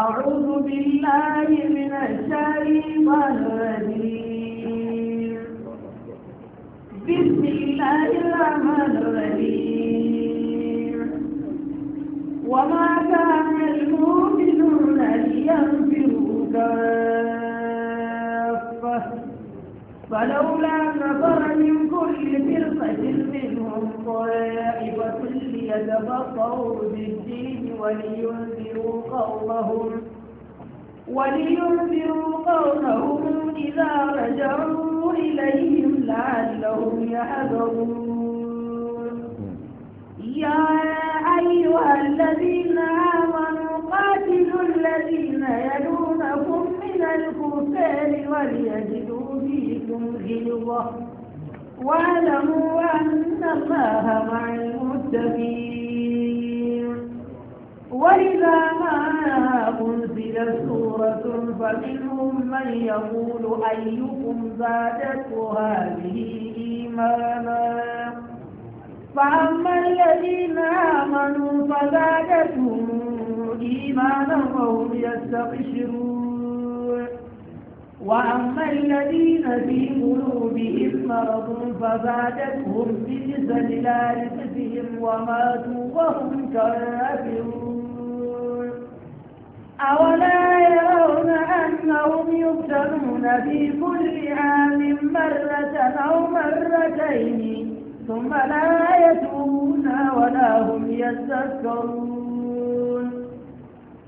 أعوذ بالله من الشيطان الرجيم بسم الله الرحمن الرحيم وما كان المؤمنون ليغفروا كافة فلولا نفر من كل فرقة منهم طائفة ليتبصروا بالدين ولينذروا قومهم ولينذروا قومهم إذا رجعوا إليهم لعلهم يحذرون يا أيها الذين آمنوا قاتلوا الذين يلونكم من الكفار وليجدوا عليكم غلظة واعلموا أن الله مع المتقين وإذا ما أنزلت سورة فمنهم من يقول أيكم زادت هذه إيمانا فأما الذين آمنوا فزادتهم إيمانا وهم يستبشرون وأما الذين في قلوبهم مرض فزادتهم رجسا إلى رجسهم وماتوا وهم كافرون أولا يرون أنهم يبتلون في كل عام مرة أو مرتين ثم لا يتوبون ولا هم يذكرون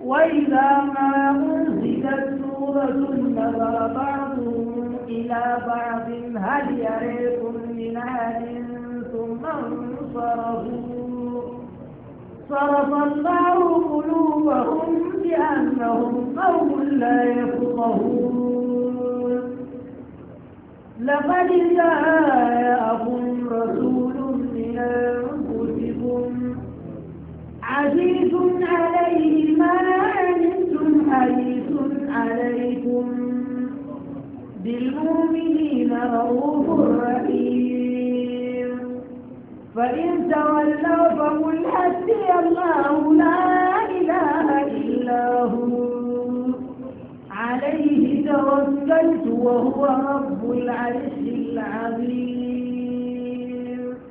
وإذا ما أنزلت سورة نظر بعضهم إلى بعض هل يريكم من أهل ثم انصرفوا صرف الله قلوبهم بأنهم قوم لا يفقهون لقد جاءكم رسول من أنفسكم عزيز عليه ما عنتم حريص عليكم بالمؤمنين رؤوف رحيم فإن تولوا فقل حسبي الله لا إله إلا هو عليه توكلت وهو رب العرش العظيم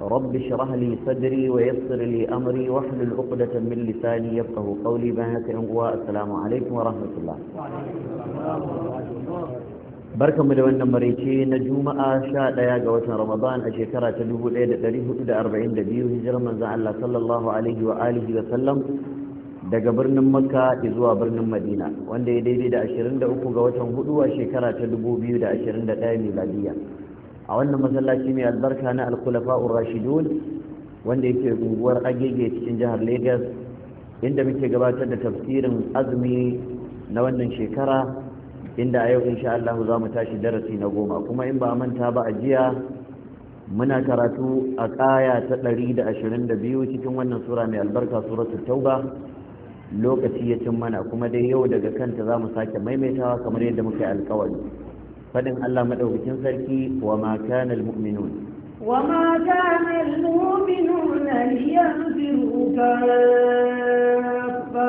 رب اشرح لي صدري ويسر لي أمري واحلل عقدة من لساني يفقه قولي بهك أنقوى السلام عليكم ورحمة الله barkan mu da wannan maraice na juma'a sha ɗaya ga watan ramadan a shekara ta dubu ɗaya da ɗari hudu da arba'in da biyu hijirar manzan allah sallallahu alaihi wa alihi wa sallam daga birnin makka zuwa birnin madina wanda ya daidai da ashirin da uku ga watan hudu a shekara ta dubu biyu da ashirin da ɗaya miladiya a wannan masallaci mai albarka na alkulafa'ur rashidun wanda yake unguwar agege cikin jihar lagos inda muke gabatar da tafsirin azumi na wannan shekara inda a yau insha Allah za mu tashi darasi na goma kuma in ba a manta ba a jiya muna karatu a ƙaya ta 122 cikin wannan sura mai albarka suratul tauba lokaci ya cin mana kuma dai yau daga kanta za mu sake maimaitawa kamar yadda muka yi alkawari فدن الله مدوكين سركي وما كان المؤمنون وما كان المؤمنون لينفروا كافة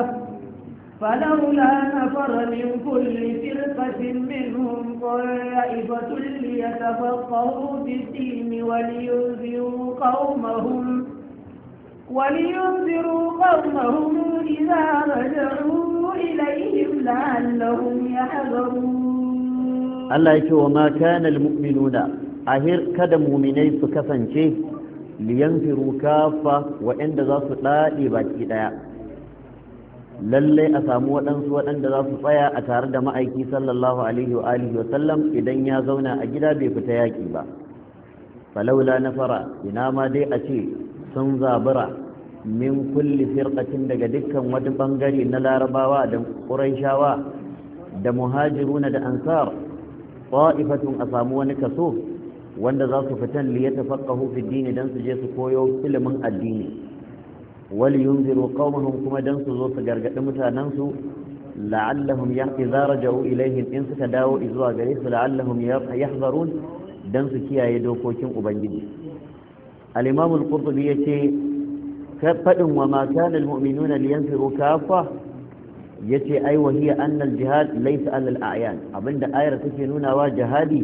فلولا نفر من كل فرقة منهم طائفة ليتفقهوا في الدين ولينذروا قومهم ولينذروا قومهم إذا رجعوا إليهم لعلهم يحذرون Allah ya ce wa ma kana almu'minuna ahir kada mu'minai su kasance liyanfiru kafa waɗanda za su ɗaɗe baki ɗaya lallai a samu waɗansu waɗanda za su tsaya a tare da ma'aiki sallallahu alaihi wa alihi wa sallam idan ya zauna a gida bai fita yaƙi ba falaula fara. ina ma dai a ce sun zabura min kulli firqatin daga dukkan wani bangare na larabawa da ƙuraishawa da muhajiruna da ansar ta'ifatun a samu wani kaso wanda za su fitan li yatafaqahu fi dini dan su je su koyo ilimin addini wal yunziru qaumahum kuma dan su zo su gargadi mutanen su la'allahum idza raja'u ilaihim in suka dawo zuwa gare su la'allahum yahzarun dan su kiyaye dokokin ubangiji al-imam al-qurtubi yace fadin wa ma kana al-mu'minuna liyanfiru ya ce ai wahiya annal jihad laysa alal a'yan abinda ayar take nunawa jihadi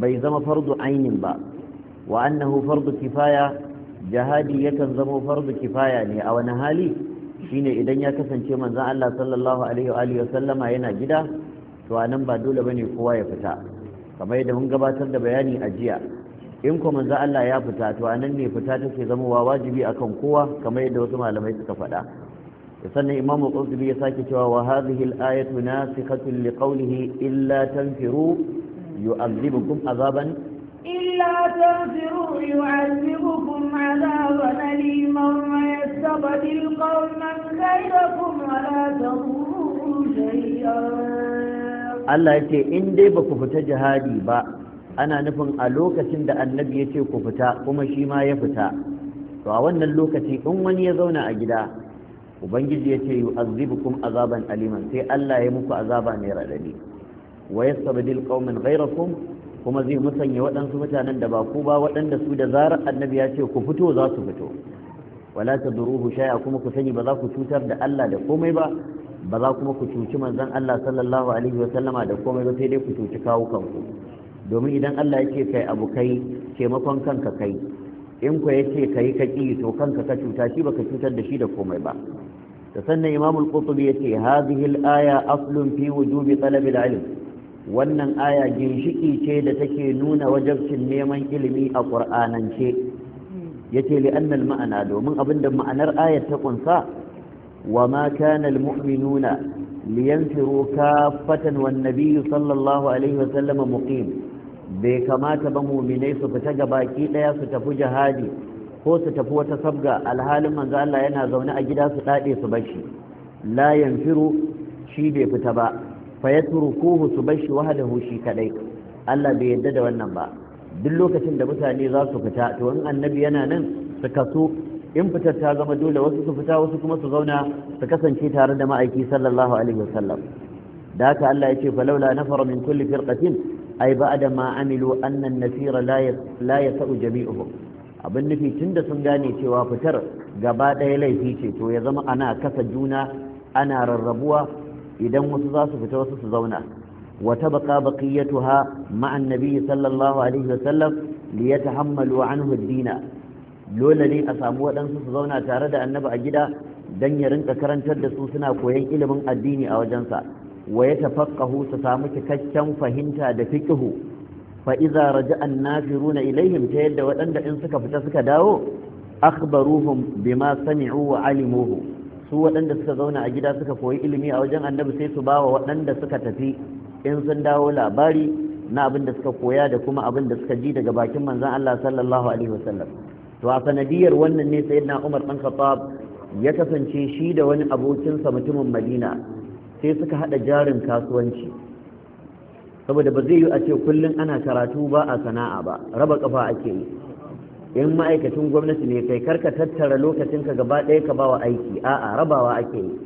bai zama fardu ainin ba wa annahu fardu kifaya jihadi yakan zama fardu kifaya ne a wani hali shine idan ya kasance manzon Allah sallallahu alaihi wa alihi sallama yana gida to anan ba dole bane kowa ya fita kamar yadda mun gabatar da bayani a jiya in ko manzon Allah ya fita to anan ne fita take zamowa wajibi akan kowa kamar yadda wasu malamai suka faɗa sannan imamu qurtubi ya sake cewa wa hadhihi al-ayatu nasikhatun liqawlihi illa tanfiru yu'adhibukum azaban illa tanfiru yu'adhibukum azaban aliman wa yastabdil qawman ghayrakum wa la tadurruhu shay'an Allah yace in dai ba ku fita jihadi ba ana nufin a lokacin da annabi ya ce ku fita kuma shi ma ya fita to a wannan lokaci in wani ya zauna a gida ubangiji ya ce yace kuma azaban aliman sai Allah ya muku azaba mai radadi wa yastabdil qauman ghayrakum kuma zai musanya waɗansu mutanen da ba ku ba waɗanda su da zarar annabi ya ce ku fito za su fito wala tadruhu shay'a kuma ku sani ba za ku cutar da Allah da komai ba ba za kuma ku cuci manzon Allah sallallahu alaihi sallama, da komai ba sai dai ku cuci kawo kanku domin idan Allah yake kai abu kai taimakon kanka kai in ku ya ce ka yi kaƙi to kanka ka cuta shi baka cutar da shi da komai ba da sannan imamul qurtubi ya ce hadhihi aya aslun fi wujubi talabil ilm wannan aya ginshiki ce da take nuna wajabcin neman ilimi a qur'anance yace li annal ma'ana domin abinda ma'anar aya ta kunsa wa ma kana al mu'minuna liyanfiru kaffatan wan nabiyyu sallallahu alaihi wa sallama muqim bai kamata ba muminai su fita ga ki daya su tafi jihadi ko su tafi wata sabga alhalin manzo Allah yana zaune a gida su dade su bashi la yanfiru shi bai fita ba fa yatrukuhu su bashi wahdahu shi kadai Allah bai yarda da wannan ba duk lokacin da mutane za su fita to in annabi yana nan su kaso in fitar ta zama dole wasu su fita wasu kuma su zauna su kasance tare da ma'aiki sallallahu alaihi wasallam da haka Allah ya ce falaula nafara min kulli firqatin ai ba da ma amilu annan nasira la ya sa'u jami'uhum abin nufi tun da sun gane cewa fitar gaba ɗaya laifi ce to ya zama ana kasa juna ana rarrabuwa idan wasu za su fita wasu su zauna wata baka baqiyatuha ma'an nabi sallallahu alaihi wasallam li yatahammalu anhu an dina dole ne a samu waɗansu su zauna tare da annabi a gida dan ya rinka karantar da su suna koyan ilimin addini a wajensa wa ya tafaqahu su samu cikakken fahimta da fiqhu fa idza raja'a an-nafiruna ilaihim ta yadda waɗanda in suka fita suka dawo akhbaruhum bima sami'u wa alimuhu su wadanda suka zauna a gida suka koyi ilimi a wajen annabi sai su bawa wadanda suka tafi in sun dawo labari na abin da suka koya da kuma abin da suka ji daga bakin manzon Allah sallallahu alaihi wasallam to a sanadiyar wannan ne sayyidina Umar dan Khattab ya kasance shi da wani abokinsa mutumin Madina sai suka hada jarin kasuwanci saboda ba zai yi a ce kullum ana karatu ba a sana'a ba raba kafa ake yi in ma'aikacin gwamnati ne kai karka tattara lokacinka gaba ɗaya ka bawa aiki a'a rabawa ake yi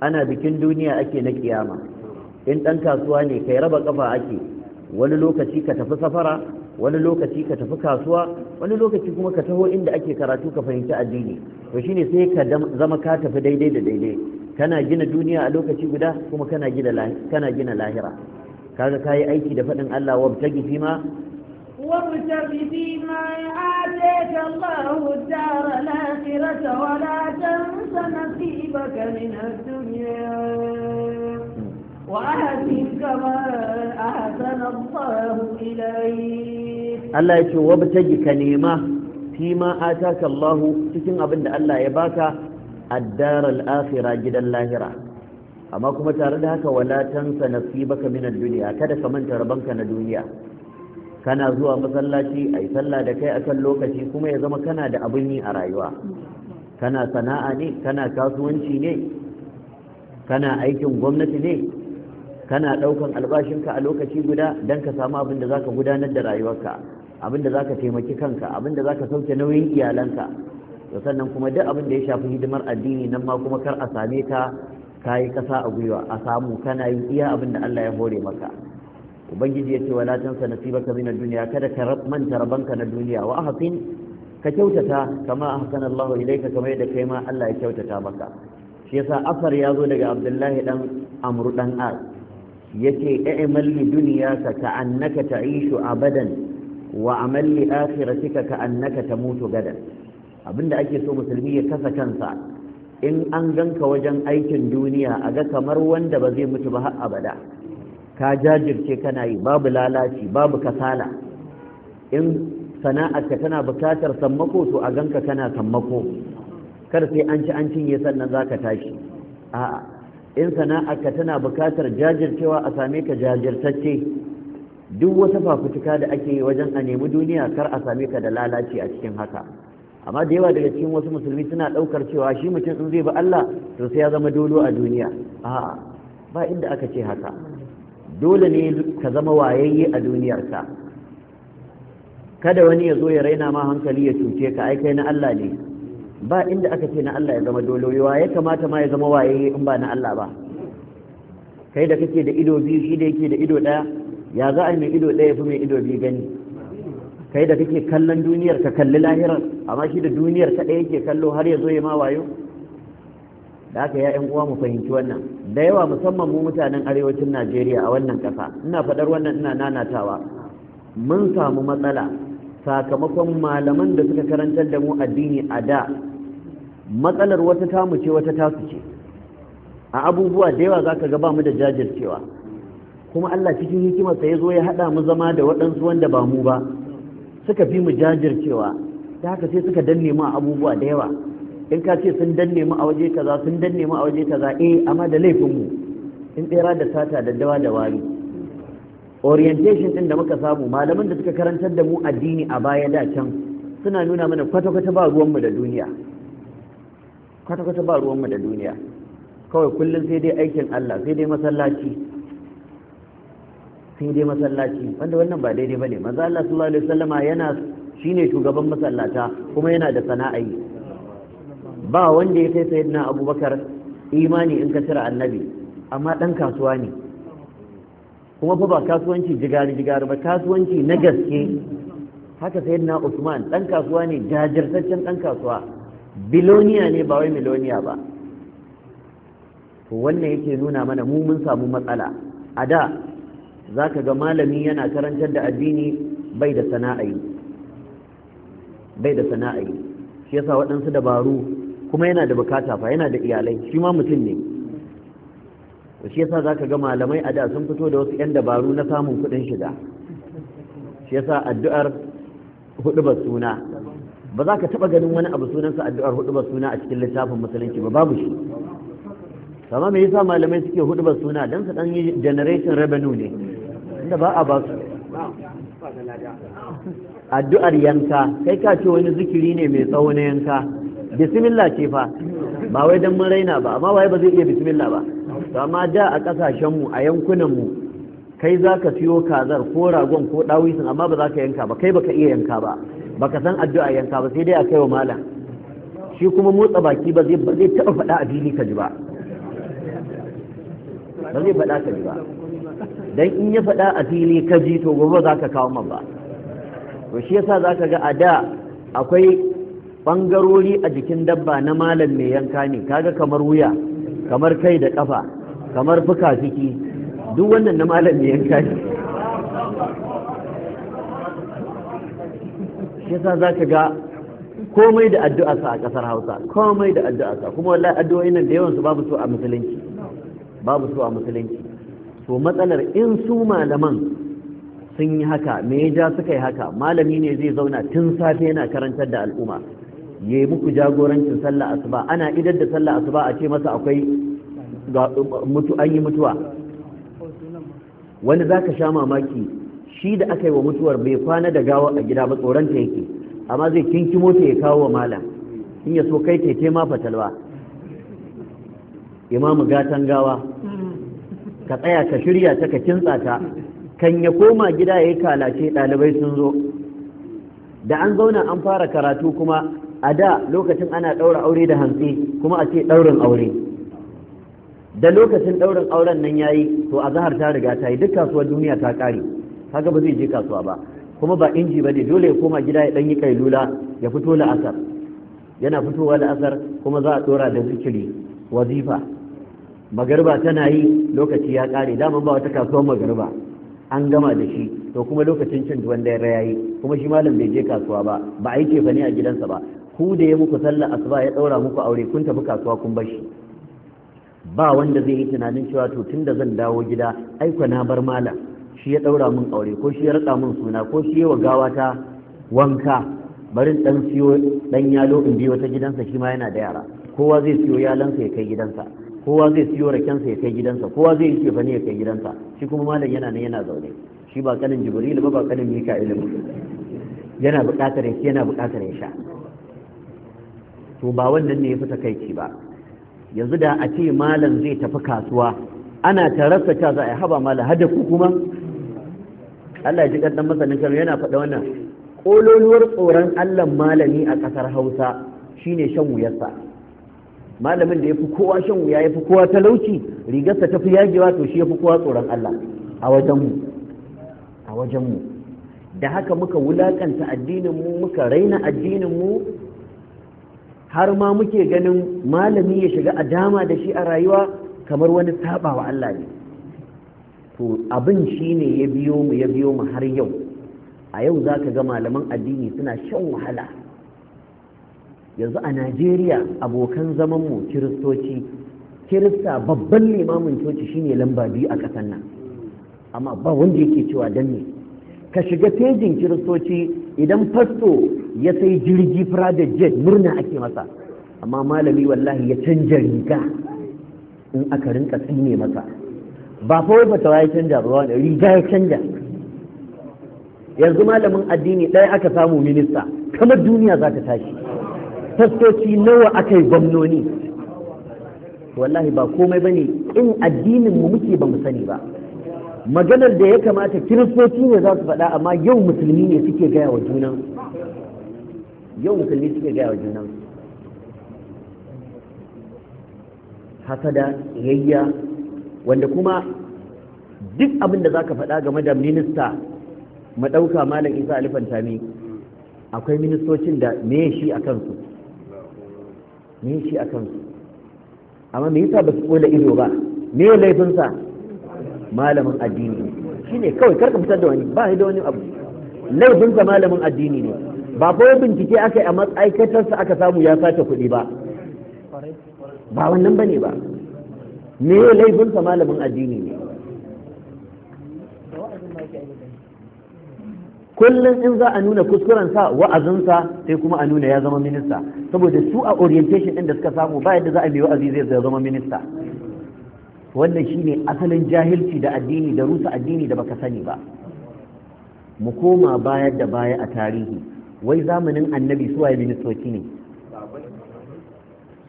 ana bikin duniya ake na kiyama in ɗan kasuwa ne kai raba kafa ake wani lokaci ka tafi safara wani lokaci ka tafi kasuwa wani lokaci kuma ka taho inda ake karatu ka fahimci addini to shine sai ka zama ka tafi daidai da daidai kana gina duniya a lokaci guda kuma kana gina kana lahira kaga kayi aiki da faɗin Allah wa bitagi fi ma wa fi ma ataka Allahu dar al-akhirata wa la tansa nasibaka min ad-dunya wa ahsin kama ahsan Allahu ilayk Allah yace wa bitagi ka nema fi ma ataka Allahu cikin abin da Allah ya baka addar al'afira gidan lahira amma kuma tare da haka wala sanaki baka min ad-dunya kada ka manta rabanka na duniya kana zuwa masallaci ai sallah da kai akan lokaci kuma ya zama kana da abin yi a rayuwa kana sana'a ne kana kasuwanci ne kana aikin gwamnati ne kana daukan albashinka a lokaci guda dan ka samu abin da zaka gudanar da rayuwarka abin da zaka taimaki kanka abin da ka sauke nauyin iyalanka to sannan kuma duk abin da ya shafi hidimar addini nan ma kuma kar a same ka kayi kasa a gwiwa a samu kana yin iya abin da Allah ya hore maka ubangiji ya ce wala tansa nasibaka min ad kada ka manta rabanka na duniya wa ahsin ka kyautata kama ahsana Allah ilayka kama yadda kai ma Allah ya kyautata maka shi yasa asar ya zo daga Abdullahi dan amru dan As yace i'mal li dunyaka ka'annaka ta'ishu abadan wa amal li akhiratika ta tamutu gadan abinda ake so musulmi ya kasa kansa in an ganka wajen aikin duniya a ga kamar wanda ba zai mutu ba har abada ka jajirce kana yi babu lalaci babu kasala in sana'arka tana bukatar sammako to a ganka kana sammako kar sai an ci an cinye sannan za ka tashi a'a in sana'arka tana bukatar jajircewa a same ka jajirtacce duk wata fafutuka da ake yi wajen a nemi duniya kar a same ka da lalaci a cikin haka amma da yawa daga cikin wasu musulmi suna ɗaukar cewa shi mutum in zai bi Allah to sai ya zama dolo a duniya a'a ba inda aka ce haka dole ne ka zama wayayye a ka. kada wani ya zo ya raina ma hankali ya cuce ka ai kai na Allah ne ba inda aka ce na Allah ya zama dolo yawa ya kamata ma ya zama wayayye in ba na Allah ba kai da kake da ido biyu shi da yake da ido ɗaya ya za a mai ido ɗaya fi mai ido biyu gani kai da kake kallon duniyar ka kalli lahirar amma shi da duniyar ka ɗaya yake kallo har ya zo ya ma wayo da haka ya yan uwa mu fahimci wannan da yawa musamman mu mutanen arewacin najeriya a wannan ƙasa ina faɗar wannan ina nanatawa mun samu matsala sakamakon malaman da suka karantar da mu addini a da matsalar wata tamu ce wata tasu ce a abubuwa da yawa zaka ga ba mu da jajircewa kuma Allah cikin hikimarsa ya zo ya haɗa mu zama da waɗansu wanda ba mu ba suka fi mu jajircewa ta haka sai suka danne mu abubuwa da yawa in ka ce sun danne mu a waje kaza sun danne mu a waje kaza eh amma da laifin mu in tsera da sata da dawa da wari orientation din da muka samu malaman da suka karantar da mu addini a baya da can suna nuna mana kwata-kwata ba ruwanmu da duniya kwata-kwata ba ruwanmu da duniya kawai kullum sai dai aikin Allah sai dai masallaci sai dai masallaci wanda wannan ba daidai bane manzo Allah sallallahu alaihi wasallama yana shine shugaban masallata kuma yana da sana'ai ba wanda ya kai sayyidina Abubakar imani in ka tira annabi amma dan kasuwa ne kuma fa ba kasuwanci jigari jigari ba kasuwanci na gaske haka sayyidina Usman dan kasuwa ne jajirtaccen dan kasuwa biloniya ne ba wai miloniya ba to wannan yake nuna mana mu mun samu matsala a da za ka ga malami yana karantar da addini bai da yi. bai da yi. shi yasa waɗansu dabaru kuma yana da bukata fa yana da iyalai shi ma mutum ne shi yasa za ka ga malamai a da sun fito da wasu 'yan dabaru na samun kuɗin shiga shi yasa addu'ar hudubar suna ba za ka taɓa ganin wani abu sunansa addu'ar hudubar suna a cikin littafin musulunci ba babu shi sama me yasa malamai suke hudubar suna don su ɗan yi generation revenue ne inda ba a ba su addu'ar yanka kai ka ce wani zikiri ne mai tsawo na yanka bismillah ce fa ba wai don mun raina ba amma wai ba zai iya bismillah ba to amma da a kasashenmu a yankunanmu kai za ka siyo kazar ko ragon ko dawisin amma ba za ka yanka ba kai ba ka iya yanka ba ba ka san addu'a yanka ba sai dai a kai wa malam shi kuma motsa baki ba zai taɓa faɗa a fili ka ji ba ba zai faɗa ka ji ba dan in ya faɗa a fili ka ji to gobe za ka kawo ba to shi yasa za ka ga a da akwai ɓangarori a jikin dabba na malam mai yanka ne kaga kamar wuya kamar kai da ƙafa kamar fuka-fiki duk wannan na malam mai yanka ne shi yasa za ka ga komai da addu'arsa a ƙasar hausa komai da addu'arsa kuma wallahi addu'o'in nan da yawansu babu su a musulunci babu su a musulunci to matsalar in su malaman sun yi haka me ya ja suka yi haka malami ne zai zauna tun safe yana karantar da al'umma ya yi muku jagorancin sallah asuba ana idar da sallah asuba a ce masa akwai an yi mutuwa wani za ka sha mamaki shi da aka yi wa mutuwar bai kwana da gawa a gida ba tsoronta yake amma zai kinkimo ta ya kawo wa malam in ya so kai ke ma fatalwa imamu gatan gawa ka tsaya ka shirya ta ka kintsa ta kan ya koma gida ya kalace ɗalibai sun zo da an zauna an fara karatu kuma a da lokacin ana ɗaura aure da hantsi kuma a ce ɗaurin aure da lokacin ɗaurin auren nan yayi to a zahar ta riga ta yi duk kasuwar duniya ta ƙare kaga ba zai je kasuwa ba kuma ba inji ba ne dole ya koma gida ya ɗan yi kailula ya fito la'asar yana fitowa la'asar kuma za a ɗora da zikiri wazifa magarba tana yi lokaci ya kare dama ba wata kasuwar magarba an gama da shi to kuma lokacin cin ya dare yayi kuma shi malam bai je kasuwa ba ba a yi kefa ne a gidansa ba ku da ya muku sallar asuba ya daura muku aure kun tafi kasuwa kun bar shi ba wanda zai yi tunanin cewa to tunda zan dawo gida aiko na bar malam shi ya daura min aure ko shi ya raka min suna ko shi ya gawa ta wanka barin dan siyo dan yalo in bi wata gidansa shi ma yana da yara kowa zai siyo yalansa ya kai gidansa kowa zai siyo rakensa ya kai gidansa kowa zai yi cefane ya kai gidansa shi kuma malam yana nan yana zaune shi ba kanin jibril ba ba kanin mika'il ba yana buƙatar ya yana buƙatar ya sha to ba wannan ne ya fi takaici ba yanzu da a ce malam zai tafi kasuwa ana tarasa ta za a haba malam hada ku kuma Allah ya ji kaddan masanin kano yana faɗa wannan kololuwar tsoron Allah malami a ƙasar Hausa shine shan wuyarsa malamin da ya fi kowa shan wuya ya fi kowa talauci rigarsa ta fi yagewa to shi ya fi kowa tsoron Allah a wajenmu a wajenmu da haka muka wulakanta addininmu muka raina addininmu har ma muke ganin malami ya shiga a dama da shi a rayuwa kamar wani sabawa Allah ne to abin shi ne ya biyo mu ya biyo mu har yau a yau za ka ga malaman addini suna shan wahala yanzu a najeriya abokan zamanmu kiristoci kirista babban limamin coci shine lamba biyu a ƙasar nan amma ba wanda yake cewa dan ne ka shiga fejin kiristoci idan fasto ya sai jirgi private jet murna ake masa amma malami wallahi ya canja riga in aka rinka tsine masa ba kawai bata ya canja ba wani riga ya canja yanzu malamin addini ɗaya aka samu minista kamar duniya za ta tashi fastoci nawa aka yi gwamnoni wallahi ba komai ba ne in addinin mu muke ba mu sani ba maganar da ya kamata kiristoci ne za su faɗa amma yau musulmi ne suke gaya wa junan yau musulmi suke gaya wa junan hasada yayya wanda kuma duk abin da za ka faɗa game da minista madauka, malam isa alifan akwai ministocin da me shi a kansu me shi a kansu amma me yasa ba su kola ido ba me ya laifinsa malamin addini shi ne kawai karka fitar da wani ba shi da wani abu laifinsa malamin addini ne ba kawai bincike aka yi a matsaikatarsa aka samu ya sace kuɗi ba ba wannan ba ne ba me ya laifinsa malamin addini ne kullum in za a nuna kuskurensa wa'azinsa sai kuma a nuna ya zama minista saboda su a orientation din da suka samu ba yadda za a biyo aziz zai zama minista wannan shine asalin jahilci da addini da rusa addini da baka sani ba mu koma baya da baya a tarihi wai zamanin annabi suwaye ministoci ne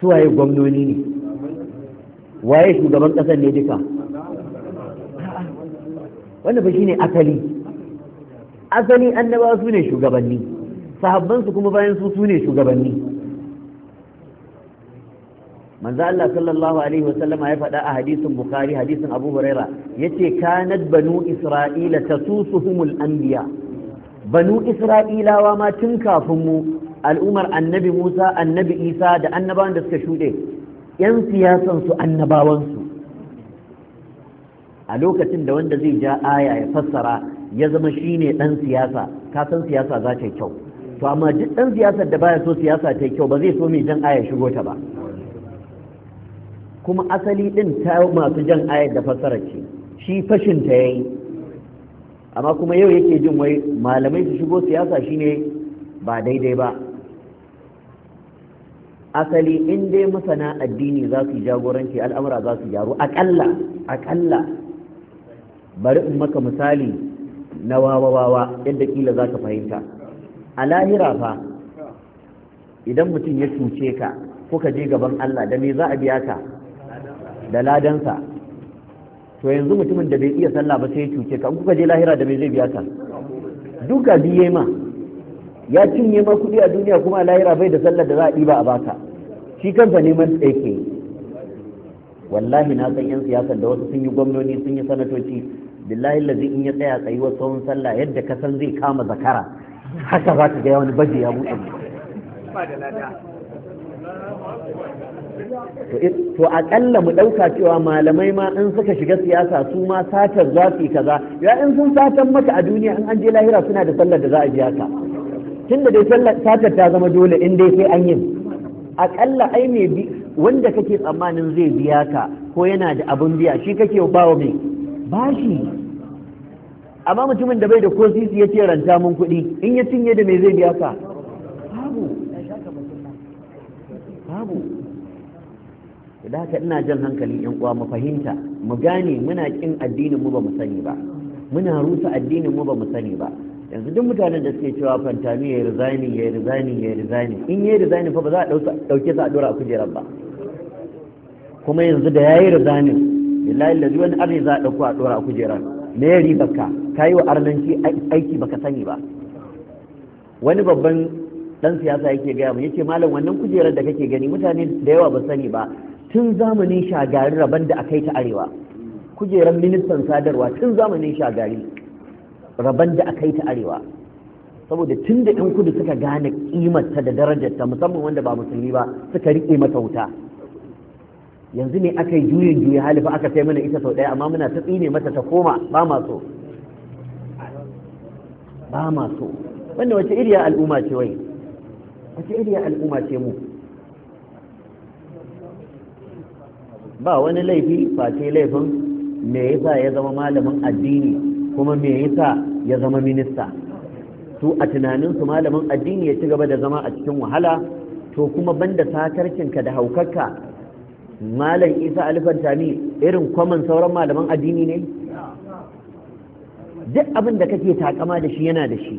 suwaye gwamnoni ne waye shugaban ƙasar ne duka wannan ba shine asali asali annabawa su ne shugabanni sahabbansu kuma bayan su su ne shugabanni manzo Allah sallallahu alaihi wasallam ya faɗa a hadisin bukhari hadisin abu huraira yace kanat banu isra'ila tasusuhumul anbiya banu isra'ilawa ma tun kafin mu al'umar annabi musa annabi isa da annabawan da suka shuɗe yan siyasan su annabawansu a lokacin da wanda zai ja aya ya fassara ya zama shi ne ɗan siyasa ka san siyasa za ta yi kyau to amma duk ɗan siyasar da baya so siyasa ta yi kyau ba zai so mai jan aya shigo ta ba kuma asali ɗin ta masu jan ayar da fassara ce shi fashin ta yi. amma kuma yau yake jin wai malamai su shigo siyasa shine ba daidai ba asali in dai masana addini za su jagoranci al'amura za su gyaru akalla akalla bari in maka misali na wawawawa yadda kila za ka fahimta a lahira fa idan mutum ya cuce ka kuka je gaban Allah da me za a biya ka da ladansa to yanzu mutumin da bai iya sallah ba sai ya cuce ka kuka je lahira da me zai biya ka duka biye ma ya cinye ma kuɗi a duniya kuma a lahira bai da sallah da za a ɗiba a baka shi kansa neman tsaye wallahi na san 'yan siyasar da wasu sun yi gwamnoni sun yi sanatoci billahi lazi in ya tsaya tsayi tsayuwar tsawon sallah yadda ka san zai kama zakara haka za ka ga wani baje ya buɗe to aƙalla mu ɗauka cewa malamai ma in suka shiga siyasa su ma satar za su yi kaza ya in sun satar maka a duniya in an je lahira suna da sallar da za a biya ka tunda dai satar ta zama dole in dai sai an yi aƙalla ai mai wanda kake tsammanin zai biya ka ko yana da abin biya shi kake ba wa mai bashi amma mutumin da bai da ko sisi ya ce ranta mun kuɗi in ya cinye da me zai biya ka babu babu da haka ina jan hankali yan uwa mu mu gane muna kin addinin mu ba mu sani ba muna rusa addinin mu ba mu sani ba yanzu duk mutanen da suke cewa fantami ya rizani ya rizani ya rizani in ya rizani fa ba za a ɗauke sa a dora a kujerar ba kuma yanzu da yayi rizanin billahi lazi wani abin za a ɗauko a ɗora a kujerar me ya riba ka yi wa arnanci aiki baka sani ba wani babban dan siyasa yake gaya mu yace malam wannan kujerar da kake gani mutane da yawa ba sani ba tun zamanin shagari rabon da akai ta arewa kujerar ministan sadarwa tun zamanin shagari rabon da akai ta arewa saboda tun da 'yan kudu suka gane kimarta da darajarta musamman wanda ba musulmi ba suka riƙe mata wuta yanzu ne aka yi juyin juyi halifa aka sai mana ita sau ɗaya amma muna ta tsine mata ta koma ba ma so ba ma so wannan wace iriya al'umma ce wai wace iriya al'umma ce mu ba wani laifi face laifin me yasa ya zama malamin addini kuma me yasa ya zama minista su a tunaninsu malamin addini ya ci gaba da zama a cikin wahala to kuma banda sakarkinka da haukarka malam isa alifantami irin kwaman sauran malaman addini ne duk abin da kake takama da shi yana da shi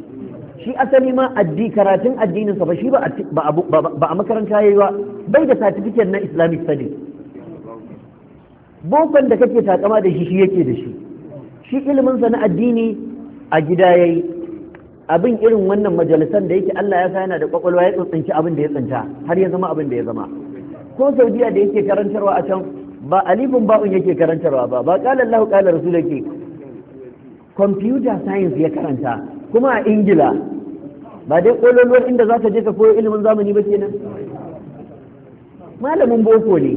shi asali ma addi karatun addininsa ba shi ba a makaranta yayi ba bai da certificate na islamic study bokon da kake takama da shi shi yake da shi shi iliminsa na addini a gida yayi abin irin wannan majalisan da yake Allah ya sa yana da kwakwalwa ya tsantsanci abin da ya tsinta har ya zama abin da ya zama ko saudiya da yake karantarwa a can ba alifin ba'un yake karantarwa ba ba kala Allah kala da ke. Kwamfuta science ya karanta kuma a ingila ba dai kololuwar inda za ka je ka koyo ilimin zamani ba kenan malamin boko ne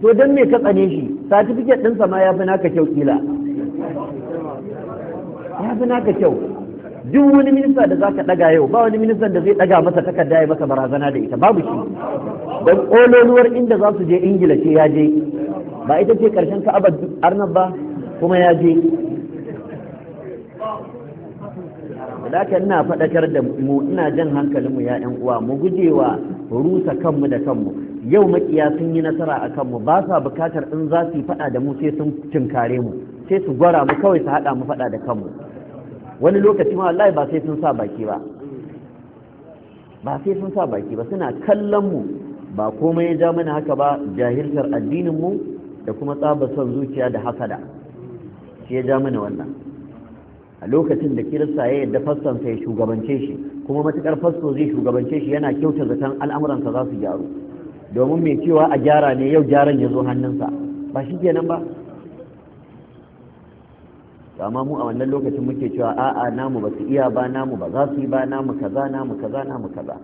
to don mai ka tsane shi certificate ɗinsa ma ya fi naka kyau kila ya fi naka kyau duk wani minista da zaka daga yau ba wani ministan da zai daga masa takarda ya masa barazana da ita babu shi dan kololuwar inda za su je ingila ce ya je ba ita ce karshen ka'abar arnab ba kuma ya je haka ina faɗakar da mu ina jan hankalinmu ya ‘yan uwa mu gujewa rusa kanmu da kanmu yau makiya sun yi nasara a kanmu ba sa bukatar in za su yi faɗa da mu sai sun cinkare mu sai su gwara mu kawai su haɗa mu faɗa da kanmu wani lokaci ma wallahi ba sai sun sa baki ba ba sai sun sa baki ba suna kallon mu ba komai ya ja mana haka ba jahiltar addinin mu da kuma tsaba son zuciya da hasada shi ya ja mana wannan a lokacin da kirista ya yadda fassansa sai shugabance shi kuma matukar fasto zai shugabance shi yana kyauta zaton al'amuransa za su gyaru domin mai cewa a gyara ne yau gyaran ya zo hannunsa ba shi kenan ba to amma mu a wannan lokacin muke cewa a'a namu ba su iya ba namu ba za su yi ba namu kaza namu kaza namu kaza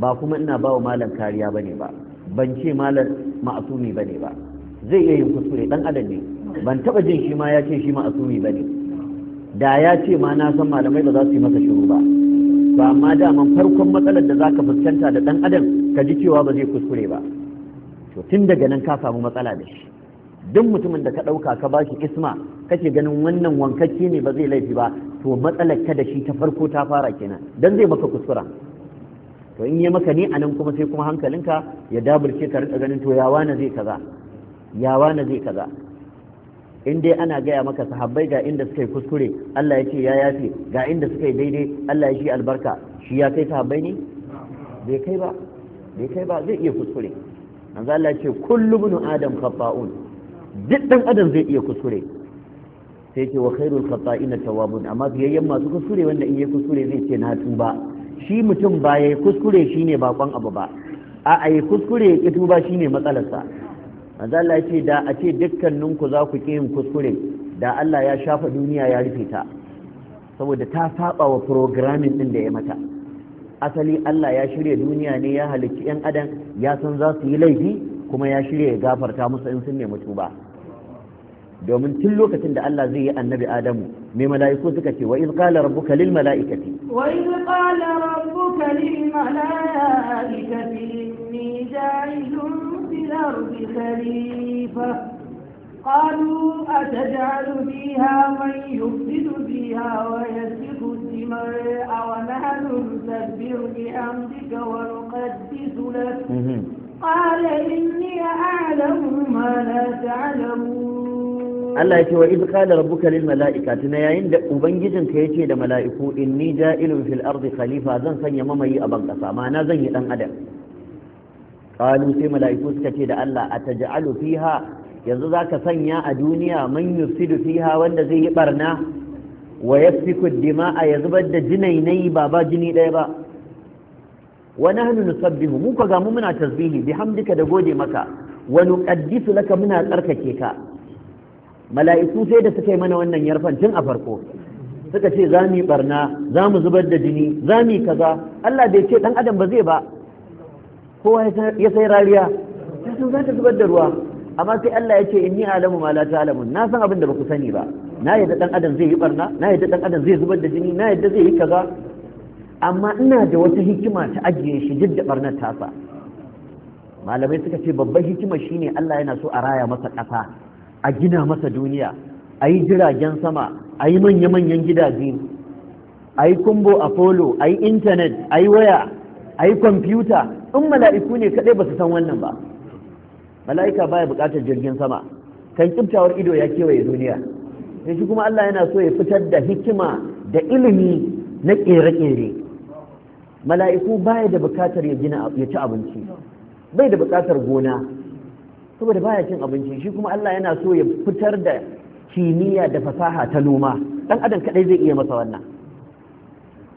ba kuma ina ba wa malam kariya ba ne ba ban ce malam ma'asumi ba ne ba zai iya yin kuskure dan adam ne ban taba jin shi ma ya ce shi ma'asumi ba ne da ya ce ma na san malamai ba za su yi masa shiru ba ba amma daman farkon matsalar da zaka fuskanta da dan adam ka ji cewa ba zai kuskure ba to tun daga nan ka samu matsala da shi duk mutumin da ka ɗauka ka bashi isma kake ganin wannan wankakke ne ba zai laifi ba to matsalar ka da shi ta farko ta fara kenan dan zai maka kuskura to in yi maka ni anan kuma sai kuma hankalinka ya daburce ka rika ganin to ya wane zai kaza ya wane zai kaza in dai ana gaya maka sahabbai ga inda suka yi kuskure Allah ya ce ya yafe ga inda suka yi daidai Allah ya shi albarka shi ya kai sahabbai ne bai kai ba bai kai ba zai iya kuskure manzo Allah ya ce kullu bunu adam khata'un duk dan adam zai iya kuskure sai ce wa khairul khata'ina tawabun amma biyayyen masu kuskure wanda in ya kuskure zai ce na tuba shi mutum ba ya kuskure shine bakon abu ba a a kuskure ya tuba shine matsalarsa manzo Allah ya ce da a ce dukkaninku za ku yin kuskure da Allah ya shafa duniya ya rufe ta saboda ta saba wa programming din da ya mata asali Allah ya shirya duniya ne ya halicci 'yan adam ya san za su yi laifi kuma ya shirya ya gafarta musu in sun nemi tuba domin tun lokacin da Allah zai yi annabi Adamu mai mala'iku suka ce wa idh qala rabbuka lil mala'ikati wa idh qala rabbuka lil mala'ikati inni ja'ilun fil ardi khalifa qalu ataj'alu fiha man yufsidu fiha wa yasfiku dima'a wa nahnu nusabbihu bi amrika wa nuqaddisu lak قال إني أعلم ما لا تعلمون Allah ya ce wa idh qala rabbuka lil mala'ikati na yayin da ubangijin ka yake da mala'iku inni ja'ilun fil ardi khalifa zan sanya mamayi a ban kasa ma'ana zan yi dan adam qalu sai mala'iku suka ce da Allah ataj'alu fiha yanzu zaka sanya a duniya man yufsidu fiha wanda zai yi barna wa yasfiku dima'a ya zubar da jinainai ba ba jini daya ba wa nahnu nusabbihu mu ka ga mu muna tasbihi bihamdika da gode maka wa nuqaddisu laka muna tsarkake ka mala'iku sai da suka yi mana wannan yarfan tun a farko suka ce za mu yi barna za mu zubar da jini za mu yi kaza Allah bai ce dan adam ba zai ba kowa ya sai rariya sai sun za ta zubar da ruwa amma sai Allah ya ce inni alamu ma la ta'lamun na san abin da ba ku sani ba na yadda dan adam zai yi barna na yadda dan adam zai zubar da jini na yadda zai yi kaza amma ina da wata hikima ta ajiye shi duk da barnar tasa malamai suka ce babban hikima shine Allah yana so a raya masa ƙasa a gina masa duniya a yi jiragen sama a yi manya-manyan gidaje a yi kumbo a folo, a yi intanet a yi waya a yi kwamfuta in mala'iku ne kaɗai ba su san wannan ba mala'ika baya buƙatar jirgin sama kan ƙibtawar ido ya kewaye duniya sai shi kuma Allah yana so ya fitar da hikima da ilimi na ƙere kere mala'iku baya da buƙatar ya ya ci abinci bai da buƙatar gona saboda baya cin abinci shi kuma Allah yana so ya fitar da kimiyya da fasaha ta noma dan adam kadai zai iya masa wannan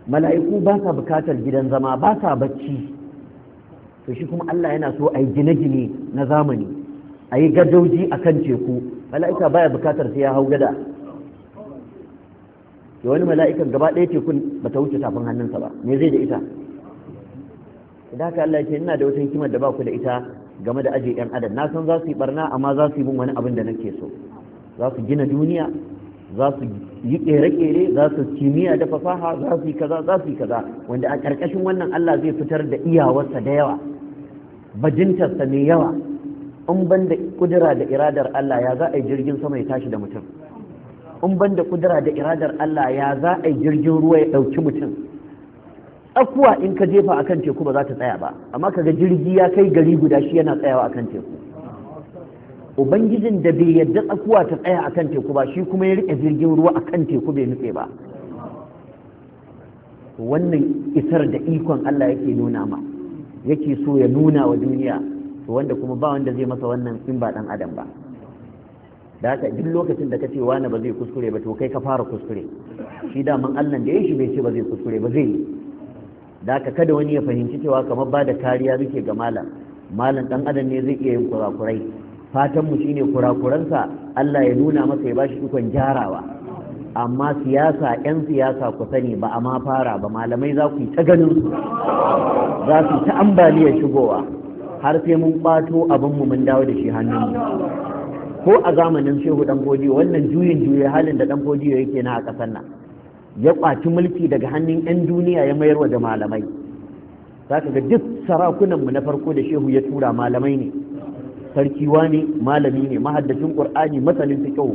mala'iku ba sa bukatar gidan zama ba sa bacci to shi kuma Allah yana so a gine-gine na zamani a yi gadauji a kan teku mala'ika baya bukatar sai ya hau gada Da wani mala'ikan gaba ɗaya tekun ba ta wuce tafin hannunsa ba me zai da ita idan haka Allah ce ina da wata hikimar da ba ku da ita game da aje yan adam na san za su yi barna amma za su yi bin wani abin da nake so za su gina duniya za su yi kere-kere za su kimiyya da fasaha za su yi kaza za su yi kaza wanda a ƙarƙashin wannan Allah zai fitar da iyawarsa da yawa bajintarsa mai yawa in ban da kudura da iradar Allah ya za a yi jirgin sama ya tashi da mutum in ban da kudura da iradar Allah ya za a yi jirgin ruwa ya ɗauki mutum tsakuwa in ka jefa a kan teku ba za ta tsaya ba amma kaga jirgi ya kai gari guda shi yana tsayawa a kan teku ubangijin da bai yadda tsakuwa ta tsaya a kan teku ba shi kuma ya riƙe jirgin ruwa a kan teku bai nutse ba wannan isar da ikon Allah yake nuna ma yake so ya nuna wa duniya to wanda kuma ba wanda zai masa wannan in ba dan adam ba da haka duk lokacin da ka ce wani ba zai kuskure ba to kai ka fara kuskure shi daman Allah da ya shi bai ce ba zai kuskure ba zai yi da ka kada wani ya fahimci cewa kamar ba da kariya muke ga malam malam dan adam ne zai iya yin kurakurai fatan mu shine kurakuransa Allah ya nuna masa ya bashi ikon jarawa amma siyasa yan siyasa ku sani ba a ma fara ba malamai za ku yi ta ganin su za su ta ambaliyar shigowa har sai mun ɓato abin mu mun dawo da shi hannun mu ko a zamanin shehu dan fodiyo wannan juyin juye halin da dan fodiyo yake na a kasar nan ya kwaci mulki daga hannun 'yan duniya ya mayar wa da malamai za ka ga duk sarakunanmu na farko da shehu ya tura malamai ne sarki ne malami ne mahaddacin ƙur'ani masanin kyau.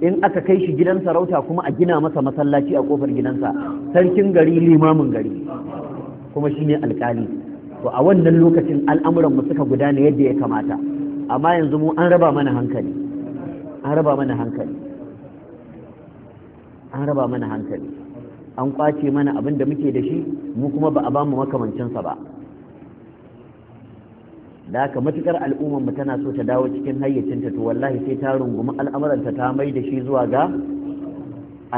in aka kai shi gidan sarauta kuma a gina masa masallaci a kofar gidansa sarkin gari limamin gari kuma shine alƙali to a wannan lokacin al'amuran mu suka gudana yadda ya kamata amma yanzu mu an raba mana hankali an raba mana hankali an raba mana hankali an kwace mana abin da muke da shi mu kuma ba a ba mu makamancinsa ba da haka matukar al'ummar mu tana so ta dawo cikin hayyacinta to wallahi sai ta rungumi al'amuranta ta mai da shi zuwa ga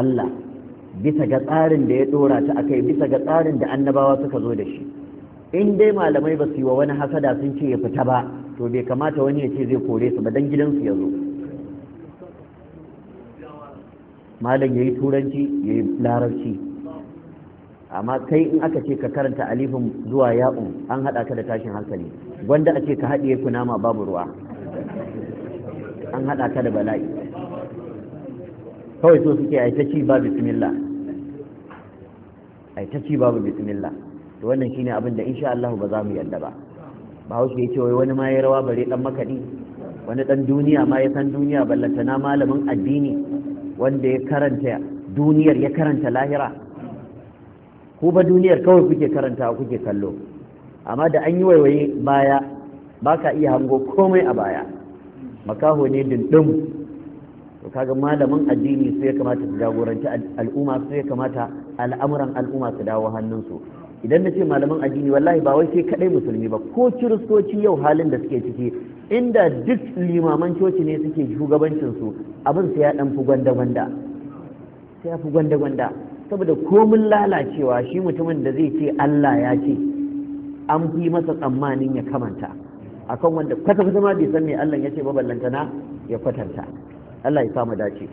Allah bisa ga tsarin da ya dora ta akai bisa ga tsarin da annabawa suka zo da shi in dai malamai ba su yi wa wani hasada sun ce ya fita ba to bai kamata wani ya ce zai kore su ba dan gidansu ya zo malam ya yi turanci yayi larabci amma kai in aka ce ka karanta alifin zuwa ya'un an hada ka da tashin hankali wanda a ce ka haɗiye kunama babu ruwa an hada ka da bala'i kawai so suke aitaci ba bismillah aitaci babu bismillah to wannan shine abin da insha Allah ba za mu yarda ba bahaushe ya ce wai wani ma ya rawa bare dan makadi wani dan duniya ma ya san duniya ballantana malamin addini wanda ya karanta duniyar ya karanta lahira ku ba duniyar kawai kuke karanta kuke kallo amma da an yi waiwaye baya baka iya hango komai a baya makaho ne dindin to kaga malamin addini su ya kamata su jagoranci al'umma su ya kamata al'amuran al'umma su dawo hannunsu idan na ce malaman addini wallahi ba wai sai kadai musulmi ba ko kiristoci yau halin da suke ciki inda duk limaman coci ne suke shugabancinsu abin sai ya dan fi gwanda-gwanda sai ya fi gwanda-gwanda saboda komin lalacewa shi mutumin da zai ce Allah ya ce an fi masa tsammanin ya kamanta akan wanda kwata-kwata ma bai san me Allah ya ce ba ballantana ya kwatanta Allah ya samu dace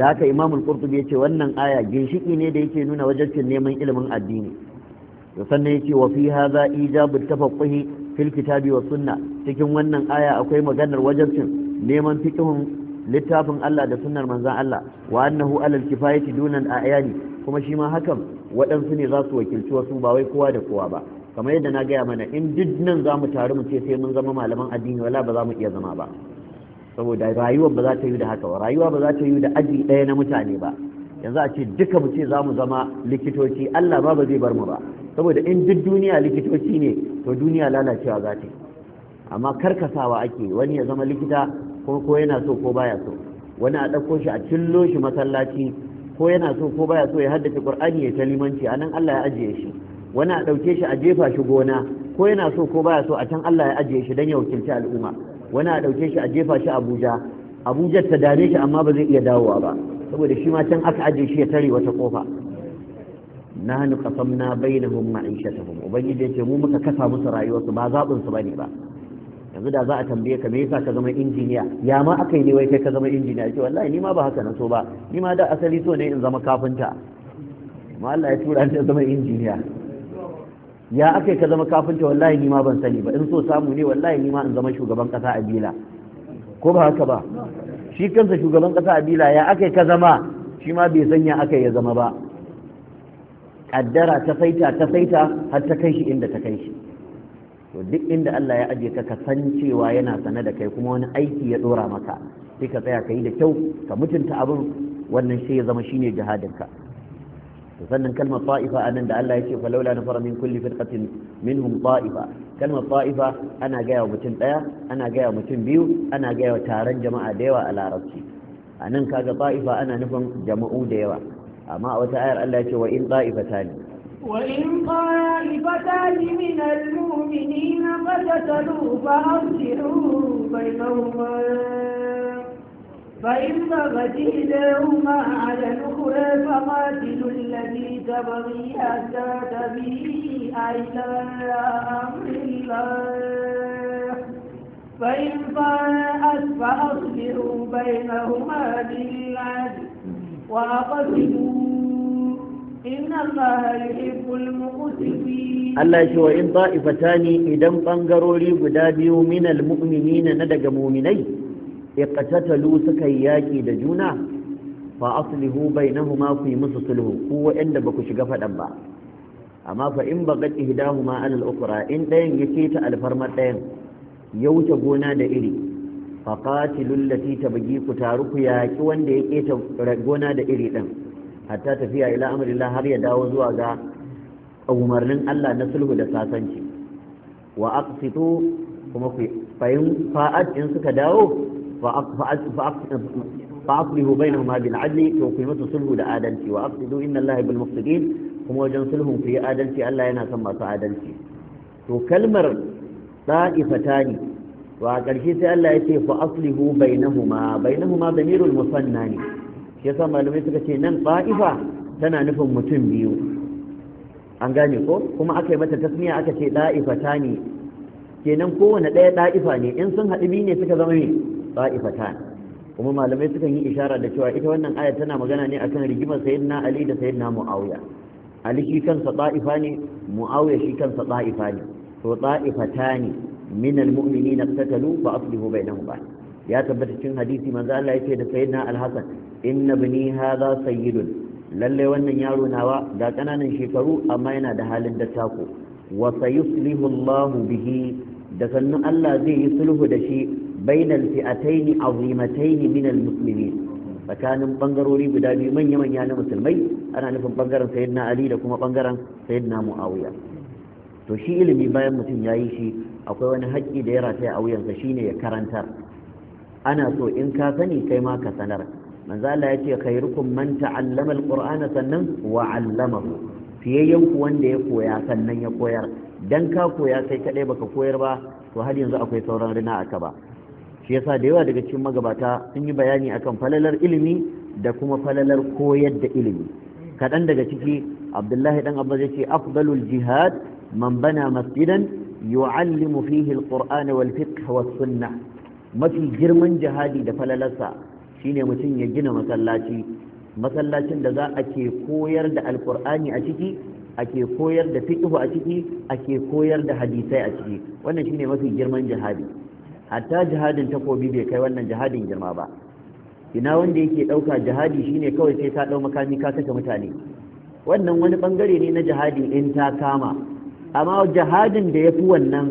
da haka al qurtubi ce, wannan aya ginshiki ne da yake nuna cin neman ilimin addini to sannan yace wa fi hadha ijabu tafaqquhi fil kitabi wa sunna cikin wannan aya akwai maganar cin neman fiqhun littafin Allah da sunnar manzan Allah wa annahu alal kifayati dunan ayani kuma shi ma hakan waɗansu ne za su wakilci wasu ba wai kowa da kowa ba kamar yadda na gaya mana in duk nan za mu taru mu ce sai mun zama malaman addini wala ba za mu iya zama ba saboda rayuwa ba za ta yi da haka ba rayuwa ba za ta yi da aji daya na mutane ba yanzu a ce duka mu ce za mu zama likitoci Allah ba ba zai bar mu ba saboda in duk duniya likitoci ne to duniya lalacewa za ta amma karkasawa ake wani ya zama likita ko ko yana so ko baya so wani a ɗauko shi a cillo shi masallaci ko yana so ko baya so ya haddace qur'ani ya ta limanci nan Allah ya ajiye shi wani a ɗauke shi a jefa shi gona ko yana so ko baya so a can Allah ya ajiye shi don ya wakilci al'umma wani a ɗauke shi a jefa shi Abuja Abuja ta dame shi amma ba zai iya dawowa ba saboda shi ma can aka ajiye shi ya tare wata kofa nahnu qasamna bainahum ma'ishatahum ubangiji ce mu muka kasa musu rayuwarsu ba zaɓinsu su bane ba yanzu da za a tambaye ka me yasa ka zama injiniya ya ma aka yi ne wai kai ka zama injiniya yace wallahi ni ma ba haka na so ba ni ma da asali so ne in zama kafinta amma Allah ya tura ni zama injiniya ya aka ka zama kafinta wallahi ni ma ban sani ba in so samu ne wallahi ni ma in zama shugaban kasa a bila ko ba haka ba shi kansa shugaban kasa a bila ya aka ka zama shi ma bai sanya aka ya zama ba kaddara ta saita ta saita har ta kai shi inda ta kai shi to duk inda Allah ya aje ka san cewa yana sane da kai kuma wani aiki ya dora maka sai ka tsaya ka yi da kyau ka mutunta abin wannan shi ya zama shine jihadinka to sannan kalmar ta'ifa anan da Allah ya ce na fara min kulli firqatin minhum ta'ifa kalmar ta'ifa ana gaya wa mutum daya ana gaya wa mutum biyu ana gaya wa taron jama'a da yawa a larabci anan kaga ta'ifa ana nufin jama'u da yawa أما وتعير ألا وإن إن طائفتان وإن طائفتان من المؤمنين فتتلوا فأرسلوا بينهما فإن بغت إليهما على الأخرى فقاتلوا الذي تبغي حتى تبيع إلى أمر الله فإن فاءت فأصبروا بينهما بالله Allah shi wa in ba'ifata ne idan ɓangarori guda biyu min al na daga muminai iqtatalu suka yi yaƙi da juna fa aslihu bainahuma ku yi musu sulhu ku wa'anda ba ku shiga faɗan ba amma fa in ba gaɗi hidahuma alal ukura in ɗayan ya ta alfarmar ɗayan ya wuce gona da iri faqatilul lati bugi ku taru ku yaki wanda ya keta gona da iri ɗin. hatta tafiya ila amrillah har ya dawo zuwa ga umarnin Allah na sulhu da sasanci wa aqsitu kuma ku fayin fa'ad in suka dawo fa فأصله بينهما بالعدل وقيمة صلح لآدلتي وأقصد إن الله بالمفسدين هم وجن صلحهم في آدلتي ألا ينسمى فآدلتي وكلمر طائفتان wa a ƙarshe sai Allah ya ce fa aslihu bainahuma bainahuma damirul musanna ne shi yasa malamai suka ce nan ba'ifa tana nufin mutum biyu an gane ko kuma aka yi mata tasmiya aka ce da'ifata ne kenan kowane ɗaya da'ifa ne in sun haɗu biyu ne suka zama ne da'ifata kuma malamai sukan yi ishara da cewa ita wannan aya tana magana ne akan rigimar sayyidina Ali da sayyidina Muawiya Ali shi kansa da'ifa ne Muawiya shi kansa da'ifa ne to da'ifata ne min almu'minina qatalu fa aslihu ba. ya tabbata cikin hadisi manzo Allah ce da sayyidina na hasan inna bani hadha sayyidun Lallai wannan yaro nawa ga kananan shekaru amma yana da halin da tako wa sayuslihu Allahu bihi da sannu Allah zai yi sulhu da shi bainal fi'ataini azimataini min almuslimin tsakanin bangarori guda biyu manya-manya na musulmai ana nufin bangaren sayyidina ali da kuma bangaren sayyidina muawiya to shi ilimi bayan mutum ya yi shi akwai wani haƙƙi da ya rataya a wuyansa shine ya karantar ana so in ka sani kai ma ka sanar manzo Allah ya ce rukun man ta'allama alqur'ana sannan wa 'allamahu fiyayyen ku wanda ya koya sannan ya koyar dan ka koya kai kadai baka koyar ba to har yanzu akwai sauran rina aka ba shi yasa da yawa daga cikin magabata sun yi bayani akan falalar ilimi da kuma falalar koyar da ilimi kaɗan daga ciki abdullahi dan abbas ya ce afdalul jihad man bana masjidan yu'allimu fihi alqur'ana wal fiqh was mafi girman jihadi da falalarsa shine mutum ya gina masallaci masallacin da za a ke koyar da alqur'ani a ciki ake koyar da fiqh a ciki ake koyar da hadisai a ciki wannan shine mafi girman jihadi hatta jihadin takobi bai kai wannan jihadin girma ba ina wanda yake ɗauka jihadi shine kawai sai ta ɗau makami ka kashe mutane wannan wani bangare ne na jihadi in ta kama amma jihadin da ya fi wannan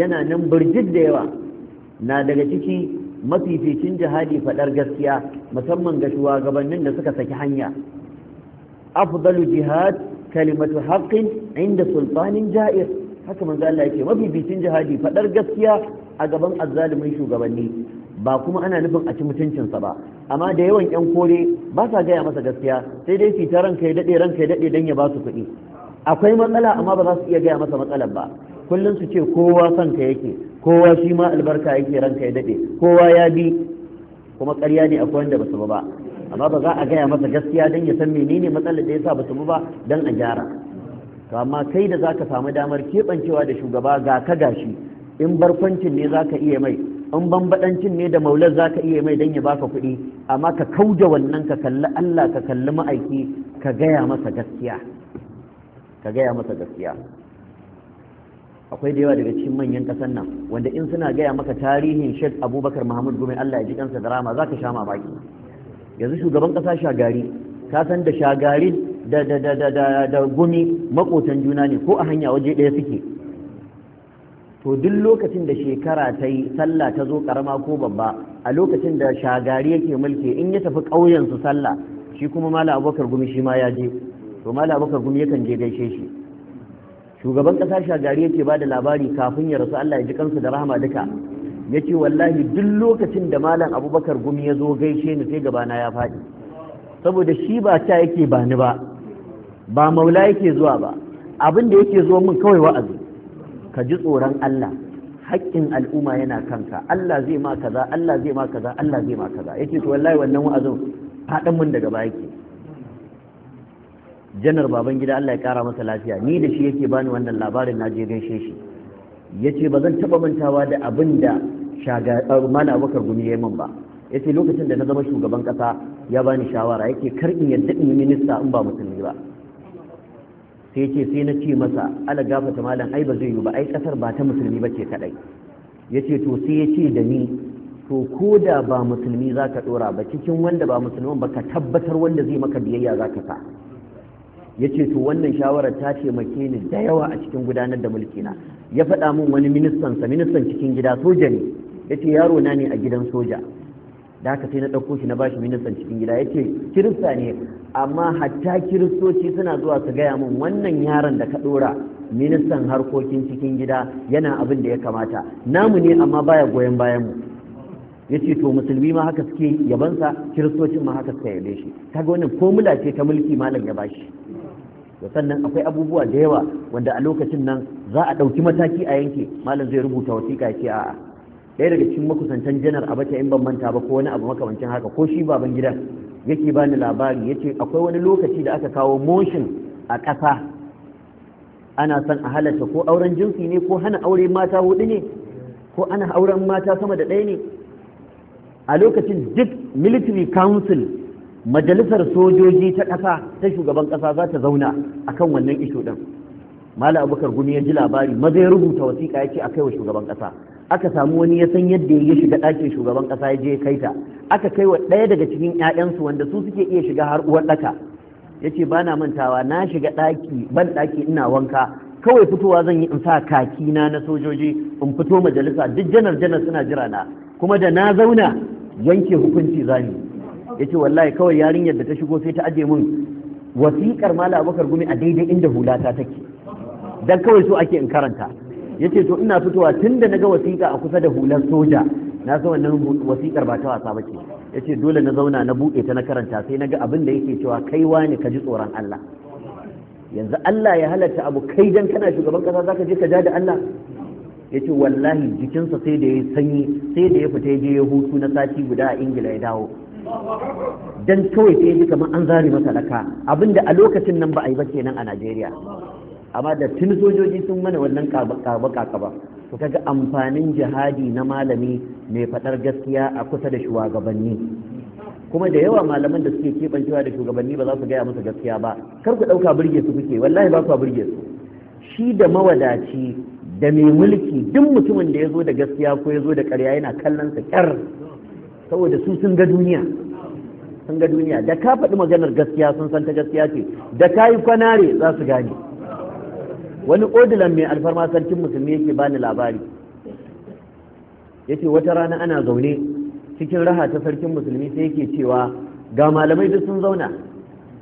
yana nan birjit da yawa na daga ciki mafificin jihadi faɗar gaskiya musamman ga shugabannin da suka saki hanya afdalu jihad kalimatu haqqin inda sultanin ja'ir haka manzo Allah yake mafificin jihadi faɗar gaskiya a gaban azzalumin shugabanni ba kuma ana nufin a ci mutuncinsa ba amma da yawan yan kore ba sa gaya masa gaskiya sai dai fita ranka ya daɗe ranka ya daɗe dan ya ba su kuɗi akwai matsala amma ba za su iya gaya masa matsalar ba kullum su ce kowa son ka yake kowa shi ma albarka yake ranka ya daɗe kowa ya bi kuma ƙarya ne akwai wanda ba su ba amma ba za a gaya masa gaskiya don ya san menene matsalar da ya sa ba su ba don a gyara to amma kai da zaka samu damar keɓancewa da shugaba ga ka gashi in barkwancin ne zaka iya mai in bambaɗancin ne da maular zaka iya mai don ya baka kuɗi amma ka kauda wannan ka kalli Allah ka kalli ma'aiki ka gaya masa gaskiya ka gaya masa gaskiya akwai da yawa daga cikin manyan ƙasar nan wanda in suna gaya maka tarihin Sheikh Abubakar Muhammad Gumi Allah ya ji kansa da rama zaka sha mamaki yanzu shugaban ƙasa shagari ka san da shagari da da da da da, da gumi makotan juna ne ko a hanya waje ɗaya suke to duk lokacin da shekara ta yi sallah ta zo karama ko babba a lokacin da shagari yake mulki in ya tafi ƙauyen su sallah shi kuma malam abubakar gumi shi ma ya je to malam abubakar gumi yakan je gaishe shi shugaban ƙasa shagari yake ba da labari kafin ya rasu allah ya ji kansu da rahama duka ya ce wallahi duk lokacin da malam abubakar gumi ya zo gaishe ni sai gabana ya faɗi saboda shi ba ta yake ba ni ba ba maula yake zuwa ba abin da yake zuwa min kawai wa'azi ka ji tsoron allah haƙƙin al'umma yana kanka allah zai ma kaza allah zai ma kaza allah zai ma kaza yake to wallahi wannan wa'azin faɗin mun daga baya yake janar baban gida Allah ya kara masa lafiya ni da shi yake bani wannan labarin na je gaishe shi yace ba zan taba mantawa da abin da eh, malam Abubakar gumi yayin min ba yace lokacin da na zama shugaban kasa ya bani shawara yake kar in yadda in yi minista in ba musulmi ba sai yace sai na ce masa ala gafata malam ai ba zai yi ba ai kasar ba ta musulmi bace kadai yace to sai yace da ni to ko da ba musulmi zaka dora ba cikin wanda ba musulmin ba ka tabbatar wanda zai maka biyayya za ka sa ya to wannan shawarar ta taimake ni da yawa a cikin gudanar da mulki na ya faɗa min wani ministansa ministan cikin gida soja ne ya yaro na ne a gidan soja da haka sai na ɗauko shi na bashi ministan cikin gida ya kirista ne amma hatta kiristoci suna zuwa su gaya min wannan yaron da ka ɗora ministan harkokin cikin gida yana abin da ya kamata namu ne amma baya goyon bayanmu mu ya to musulmi ma haka suke yabansa kiristocin ma haka suka yabe shi kaga wannan formula ce ta mulki malam ya bashi to sannan akwai abubuwa da yawa wanda a lokacin nan za a ɗauki mataki a yanke malam zai rubuta wasiƙa ya ce a'a ɗaya daga cikin makusantan janar a bata in ban manta ba ko wani abu makamancin haka ko shi baban gidan yake bani labari yace akwai wani lokaci da aka kawo motion a ƙasa ana san a halarta ko auren jinsi ne ko hana aure mata hudu ne ko ana auren mata sama da ɗaya ne a lokacin duk military council majalisar sojoji ta ƙasa ta shugaban ƙasa za ta zauna a kan wannan isho ɗin mala abubakar gumi ya ji labari maza ya rubuta wasiƙa ya ce a kai wa shugaban ƙasa aka samu wani ya san yadda ya shiga ɗakin shugaban ƙasa ya je ya kai ta aka kai wa ɗaya daga cikin 'ya'yansu wanda su suke iya shiga har uwar ɗaka ya ce ba na mantawa na shiga ɗaki ban ɗaki ina wanka kawai fitowa zan yi in sa kakina na na sojoji in fito majalisa duk janar janar suna jira na kuma da na zauna yanke hukunci zani ya ce wallahi kawai yarinyar da ta shigo sai ta aje mun wasiƙar mala abokar gumi a daidai inda hulata take dan kawai so ake in karanta ya ce to ina fitowa tun da na ga wasiƙa a kusa da hular soja na san wannan wasiƙar ba ta wasa ba ce ya ce dole na zauna na buɗe ta na karanta sai na ga abin da yake cewa kai wani ka ji tsoron Allah yanzu Allah ya halatta abu kai dan kana shugaban kasa zaka je ka ja da Allah ya ce wallahi jikinsa sai da ya sanyi sai da ya fita ya je ya hutu na sati guda a ingila ya dawo dan kawai sai ji kamar an zare masa laka abinda a lokacin nan ba a yi ba kenan a Najeriya amma da tun sojoji sun mana wannan kaba ba to kaga amfanin jihadi na malami mai fadar gaskiya a kusa da shugabanni kuma da yawa malaman da suke kebancewa da shugabanni ba za su gaya masa gaskiya ba kar ku ɗauka burge su kuke wallahi ba ku burge su shi da mawadaci da mai mulki duk mutumin da ya zo da gaskiya ko ya zo da ƙarya yana kallon sa kyar saboda su sun ga duniya sun ga duniya da ka faɗi maganar gaskiya sun san ta gaskiya ce da ka yi kwanare za su gane wani odilan mai alfarma sarkin musulmi yake bani labari yace wata rana ana zaune cikin raha ta sarkin musulmi sai yake cewa ga malamai duk sun zauna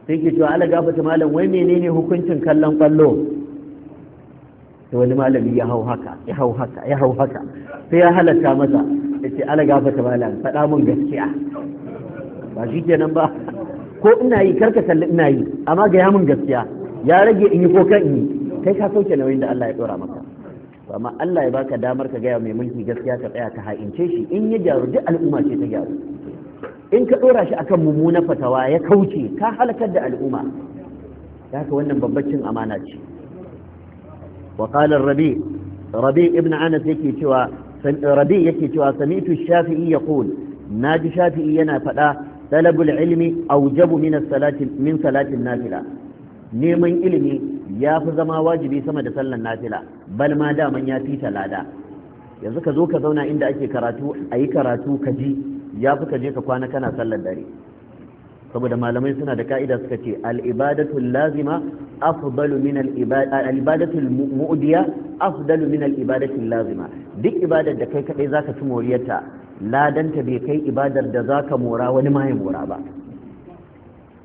sai yake cewa ala gafata malam wai menene hukuncin kallon kwallo da wani malami ya hau haka ya hau haka ya hau haka sai ya halatta masa ya ce ala gafata malam faɗa mun gaskiya ba shi kenan ba ko ina yi karka kalli ina yi amma ga mun gaskiya ya rage in yi ko kan yi kai ka sauke nauyin da Allah ya dora maka amma Allah ya baka damar ka gaya mai mulki gaskiya ka tsaya ka ha'ince shi in ya gyaru duk al'umma ce ta gyaru in ka dora shi akan mummuna fatawa ya kauce ka halakar da al'umma ka wannan babbacin amana ce wa qala rabi rabi ibn anas yake cewa rabi yake cewa samitu shafi'i Na ji shafi'i yana faɗa talabul ilmi aujabu min min salatin nafila neman ilimi ya fi zama wajibi sama da sallan nafila bal ma daman ya fi talada yanzu ka zo ka zauna inda ake karatu a yi karatu ka ji ya fi ka je ka kwana kana sallar dare saboda malamai suna da ka'ida suka ce al lazima afdalu min al-ibadatu mu'diya afdalu min al lazima duk ibadar da kai kadai zaka ci moriyarta ladanta bai kai ibadar da zaka mora wani ma ya mora ba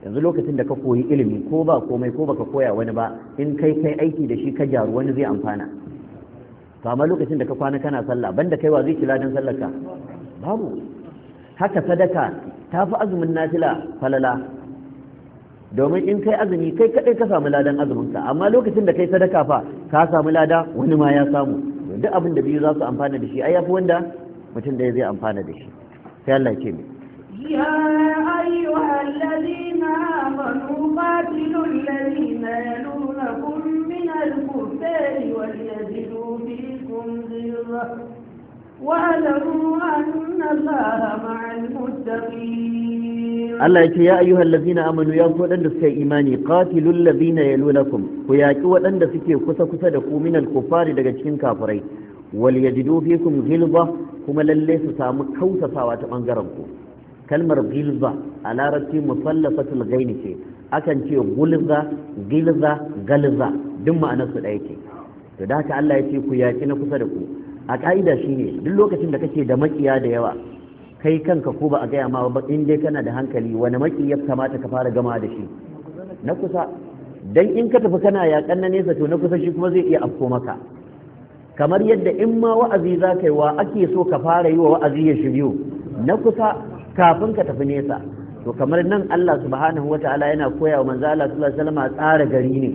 yanzu lokacin da ka koyi ilimi ko ba komai ko baka koya wani ba in kai kai aiki da shi ka gyaru wani zai amfana to amma lokacin da ka kwana kana sallah banda kaiwa zai ci ladan sallar ka babu haka sadaka ta fi azumin nafila falala domin in kai azumi kai kaɗai ka samu ladan azuminka amma lokacin da kai sadaka fa ka samu lada wani ma ya samu duk abin da biyu za su amfana da shi ai yafi wanda mutum da zai amfana da shi sai Allah ya ce mu يا أيها الذين آمنوا قاتلوا الذين يلونكم من الكفار وليجدوا فيكم Allah ya ce ya ayyuhal lazina amanu ya ku waɗanda suka yi imani ƙafilun lazina ya nuna kum ku yaƙi waɗanda suke kusa-kusa da kuminan kufari daga cikin kafurai, wal ya ji dofe gilba kuma lalle su samu kausasawa ta ɓangaren ku kalmar gilba a larabci musallafatul gaini ce akan ce gulza gilza galza duk ma'anar su ɗaya ce to da Allah ya ce ku yaƙi na kusa da ku a ƙa'ida shi ne duk lokacin da kake da makiya da yawa kai kanka ko ba a gaya ma ba in dai kana da hankali wani maki ya kamata ka fara gama da shi na kusa dan in ka tafi kana yaƙan na nesa to na kusa shi kuma zai iya afko maka kamar yadda in ma wa'azi za ka yi wa ake so ka fara yi wa wa'azi ya shiryu na kusa kafin ka tafi nesa to kamar nan Allah subhanahu ta'ala yana koya wa manzo Allah sallallahu alaihi wasallam tsara gari ne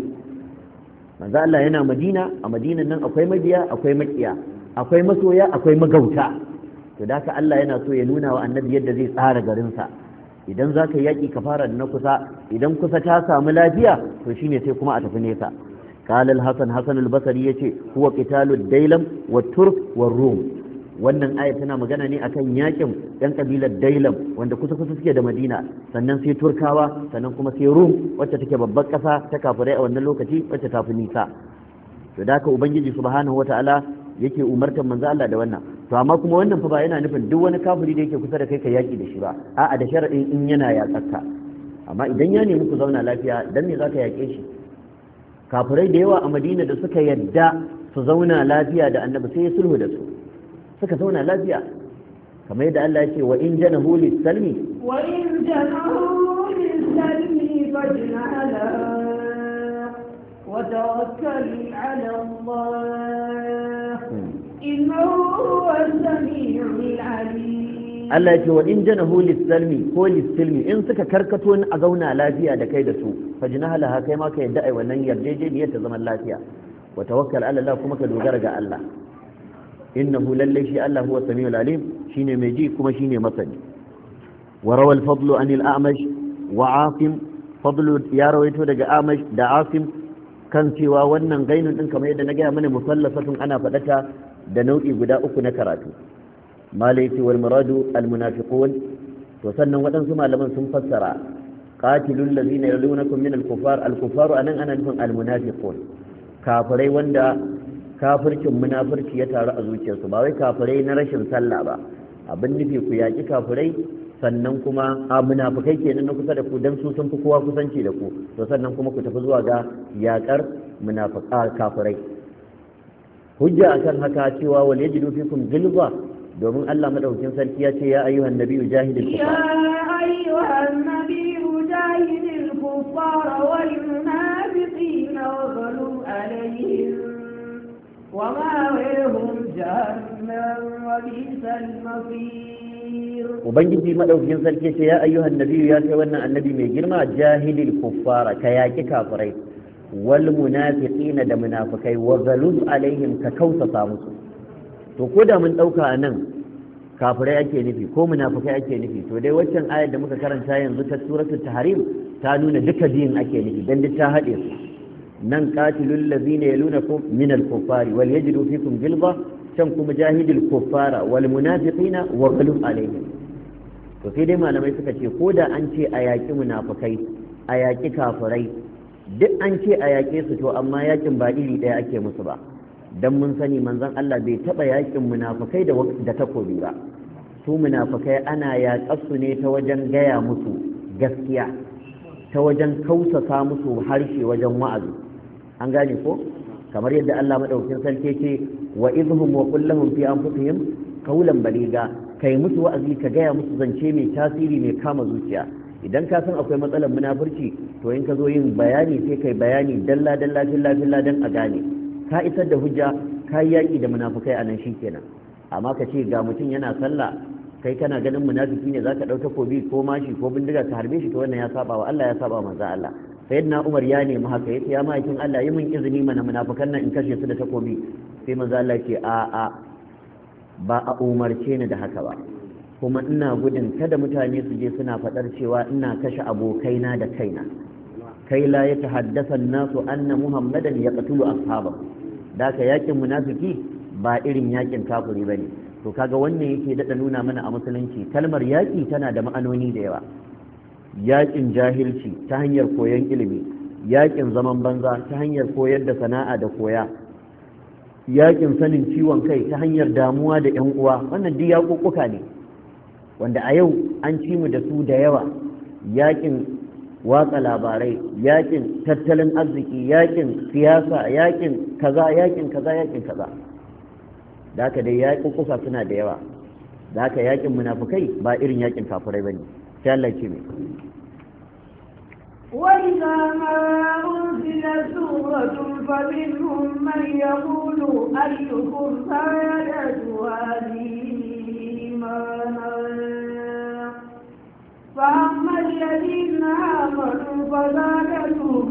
manzo Allah yana Madina a Madinan nan akwai mabiya akwai makiya akwai masoya akwai magauta to da ka Allah yana so ya nuna wa annabi yadda zai tsara garinsa idan za ka yaƙi ka fara da na kusa idan kusa ta samu lafiya to shine sai kuma a tafi nesa قال الحسن حسن ya ce, huwa qitalud dailam wa turk wa rum wannan aya tana magana ne akan yakin yan kabilar dailam wanda kusa kusa suke da madina sannan sai turkawa sannan kuma sai rum wacce take babbar kasa ta kafirai a wannan lokaci wacce ta fi nisa to da ka ubangiji subhanahu wataala yake umartar manzo Allah da wannan to amma kuma wannan fa ba yana nufin duk wani kafiri da yake kusa da kai ka yaki da shi ba a'a da sharaɗin in yana ya tsaka, amma idan ya nemi ku zauna lafiya dan me zaka yake shi kafirai da yawa a Madina da suka yadda su zauna lafiya da Annabi sai ya sulhu da su suka zauna lafiya kamar yadda Allah ya ce wa in janahu lis-salmi wa in janahu lis-salmi fajna وتوكل على الله Allah ya ce wa in janahu lis ko Lissilmi, in suka karkato ni a zauna lafiya da kai da su fajnaha laha kai ma ka yadda ai wannan yarjejeniyar ta zaman lafiya wa tawakkal ala Allah kuma ka dogara ga Allah innahu lalle shi Allah huwa samiul alim shine mai ji kuma shine masani wa rawal fadlu anil a'mash wa asim fadlu ya rawaito daga amash da Afim kan cewa wannan gainun din kamar yadda na gaya mana musallasatun ana faɗata da nau'i guda uku na karatu malai wal muradu al munafiqun to sannan waɗansu malaman sun fassara qatilul ladina yalunakum min al kufar al kufaru anan ana nufin al munafiqun kafirai wanda kafircin munafurci ya taru a zuciyarsu ba wai kafirai na rashin sallah ba abin nufi ku yaƙi kafirai sannan kuma a munafikai kenan na kusa da ku dan su sun fi kowa kusanci da ku to sannan kuma ku tafi zuwa ga yaƙar munafuka kafirai hujja akan haka cewa wal yajidu fikum ghilza domin Allah madaukakin sarki ya ce ya ayyuhan nabiyyu jahidil kuffar ya ayyuhan nabiyyu jahidil kuffar wal munafiqina waghlu alayhim وماويهم جهنم وبئس المصير وبنجي مدوكين سلكي يا ايها النبي يا كي wannan annabi mai girma jahilil kuffara ka yaki kafirai wal munafiqina da munafikai wa zalul alaihim ka kausasa musu to ko da mun dauka nan kafirai ake nufi ko munafikai ake nufi to dai waccan ayar da muka karanta yanzu ta suratul tahrim ta nuna duka biyun ake nufi dan duk ta hade su nan qatilul ladzina yalunakum min al-kuffari wal yajidu fikum jilba can kuma jahidul kuffara wal munafiqina wa ghalub alaihim to sai dai malamai suka ce ko da an ce a yaƙi munafikai a yaƙi kafirai duk an ce a yaƙe su to amma yakin ba iri ɗaya ake musu ba don mun sani manzon Allah bai taɓa yakin munafukai da takobi ba su munafukai ana yaƙar su ne ta wajen gaya musu gaskiya ta wajen kausasa musu harshe wajen wa'azi an gane ko kamar yadda Allah maɗaukin sarki ce wa izhum wa qul lahum fi anfusihim qawlan baliga kai musu wa'azi ka gaya musu zance mai tasiri mai kama zuciya idan ka san akwai matsalar munafurci to in ka zo yin bayani sai kai bayani dalla dalla filla filla dan a gane ka isar da hujja ka yi yaƙi da munafukai a nan kenan. amma ka ce ga mutum yana sallah kai kana ganin munafiki ne zaka ɗau takobi ko mashi ko bindiga ka harbe shi to wannan ya saba wa Allah ya saba wa manzo Allah na Umar ya nemi haka yace ya ma'aikin Allah yi min izini mana munafukan nan in kashe su da takobi sai manzo Allah ce a a ba a umarce ni da haka ba kuma ina gudun kada mutane su je suna faɗar cewa ina kashe abokaina da kaina kai la ya tahaddasa nasu anna muhammadan ya qatulu ashabahu da ka yakin munafiki ba irin yakin kafiri bane to kaga wannan yake dada nuna mana a musulunci kalmar yaki tana da ma'anoni da yawa yakin jahilci ta hanyar koyon ilimi yakin zaman banza ta hanyar koyar da sana'a da koya yakin sanin ciwon kai ta hanyar damuwa da yan uwa wannan duk yaƙuƙuka ne wanda a yau an ci mu da su da yawa yakin watsa labarai yakin tattalin arziki yakin siyasa yakin kaza yakin kaza yakin kaza da haka dai yakin kusa suna da yawa da haka yakin munafukai ba irin yakin kafirai bane sai Allah ce mai وإذا ما أنزلت سورة فمنهم من يقول أيكم زادت هذه فأما الذين آمنوا فزادتهم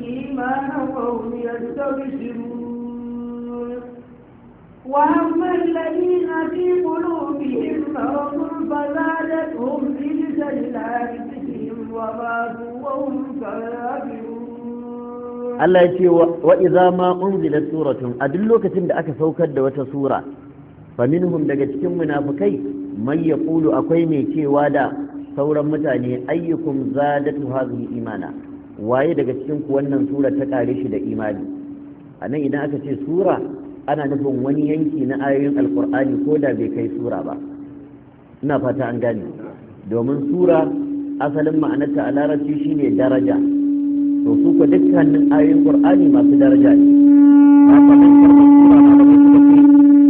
إيمانا وهم يستبشرون وأما الذين في قلوبهم مرض فزادتهم رجسا إلى رجسهم وماتوا وهم كافرون Allah ya ce wa iza ma unzilat suratun a duk faminhum daga cikin munafukai man yaqulu akwai mai cewa da sauran mutane ayyukum zadatu hadhihi imana waye daga cikin ku wannan sura ta kare shi da imani anan idan aka ce sura ana nufin wani yanki na ayoyin alkur'ani ko da bai kai sura ba ina fata an gane domin sura asalin ma'anarta a larabci shine daraja to su ko dukkanin ayoyin qur'ani masu daraja ne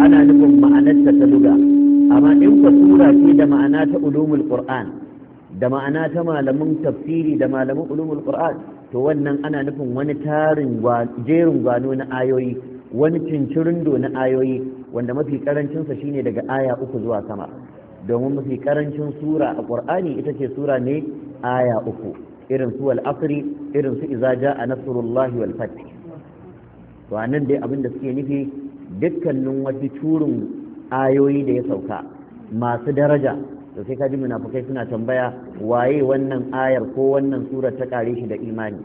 ana nufin ma'anarta ta luga amma in ku sura ce da ma'ana ta ulumul qur'an da ma'ana ta malamin tafsiri da malamin ulumul qur'an to wannan ana nufin wani tarin jerin gwano na ayoyi wani cincirindo na ayoyi wanda mafi karancinsa shine daga aya uku zuwa sama domin mafi karancin sura a qur'ani ita ce sura ne aya uku irin su wal asri irin su iza ja'a nasrullahi wal fath to anan dai abin da suke nufi dukkanin wata turin ayoyi da ya sauka masu daraja to sai kaji munafukai suna tambaya waye wannan ayar ko wannan surar ta kare shi da imani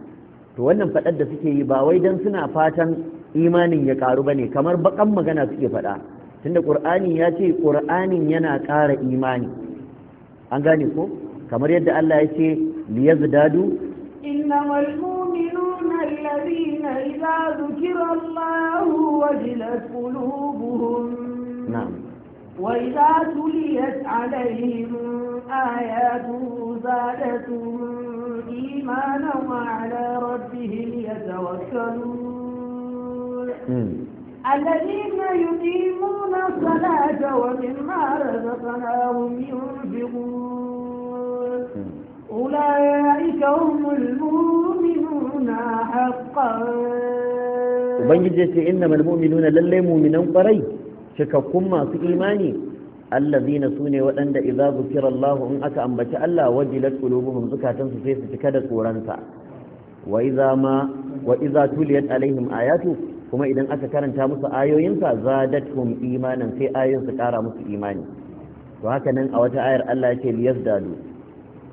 to wannan faɗar da suke yi ba wai dan suna fatan imanin ya karu ne kamar bakan magana suke faɗa. tunda qur'ani ya ce qur'anin yana ƙara imani an gane ko kamar yadda Allah ya ce liyazdadu innamal mu'minu الذين إذا ذكر الله وجلت قلوبهم نعم وإذا تليت عليهم آياته زادتهم إيمانا وعلى ربهم يتوكلون الذين يقيمون الصلاة ومما رزقناهم ينفقون أولئك هم المؤمنون ubangiji ce inna mal mu'minuna lallai mu'minan kwarai shikakkun masu imani zina sune waɗanda idza zukira Allah in aka ambaci Allah wajilat qulubuhum zukatan su sai su cika da tsoronsa wa idza ma wa idza tuliyat alaihim ayatu kuma idan aka karanta musu ayoyinsa zadatum imanin sai ayoyin kara musu imani to haka nan a wata ayar Allah yake liyas liyazdadu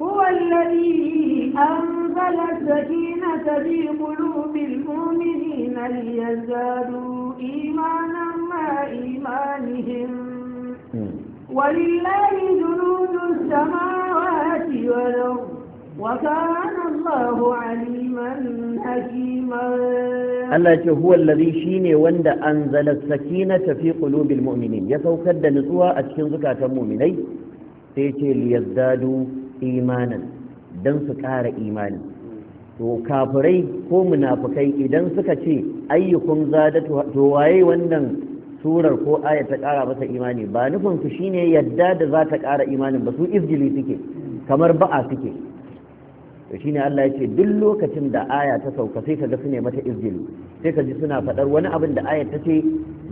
هو الذي أنزل السكينة في قلوب المؤمنين ليزدادوا إيمانا مع إيمانهم ولله جنود السماوات والأرض وكان الله عليما حكيما الله يقول هو الذي شيني وند أنزل السكينة في قلوب المؤمنين يتوكد نسوها أتشنزك أتمو مني سيتي ليزدادوا imanan don su ƙara imani to kafirai ko munafukai idan suka ce ayyukun zada to waye wannan surar ko aya ta ƙara masa imani ba nufin su shine yadda da za ta ƙara imanin ba su izgili suke kamar ba'a suke to shine Allah ya ce duk lokacin da aya ta sauka sai kaga su ne mata izgili sai ka ji suna faɗar wani abin da aya ta ce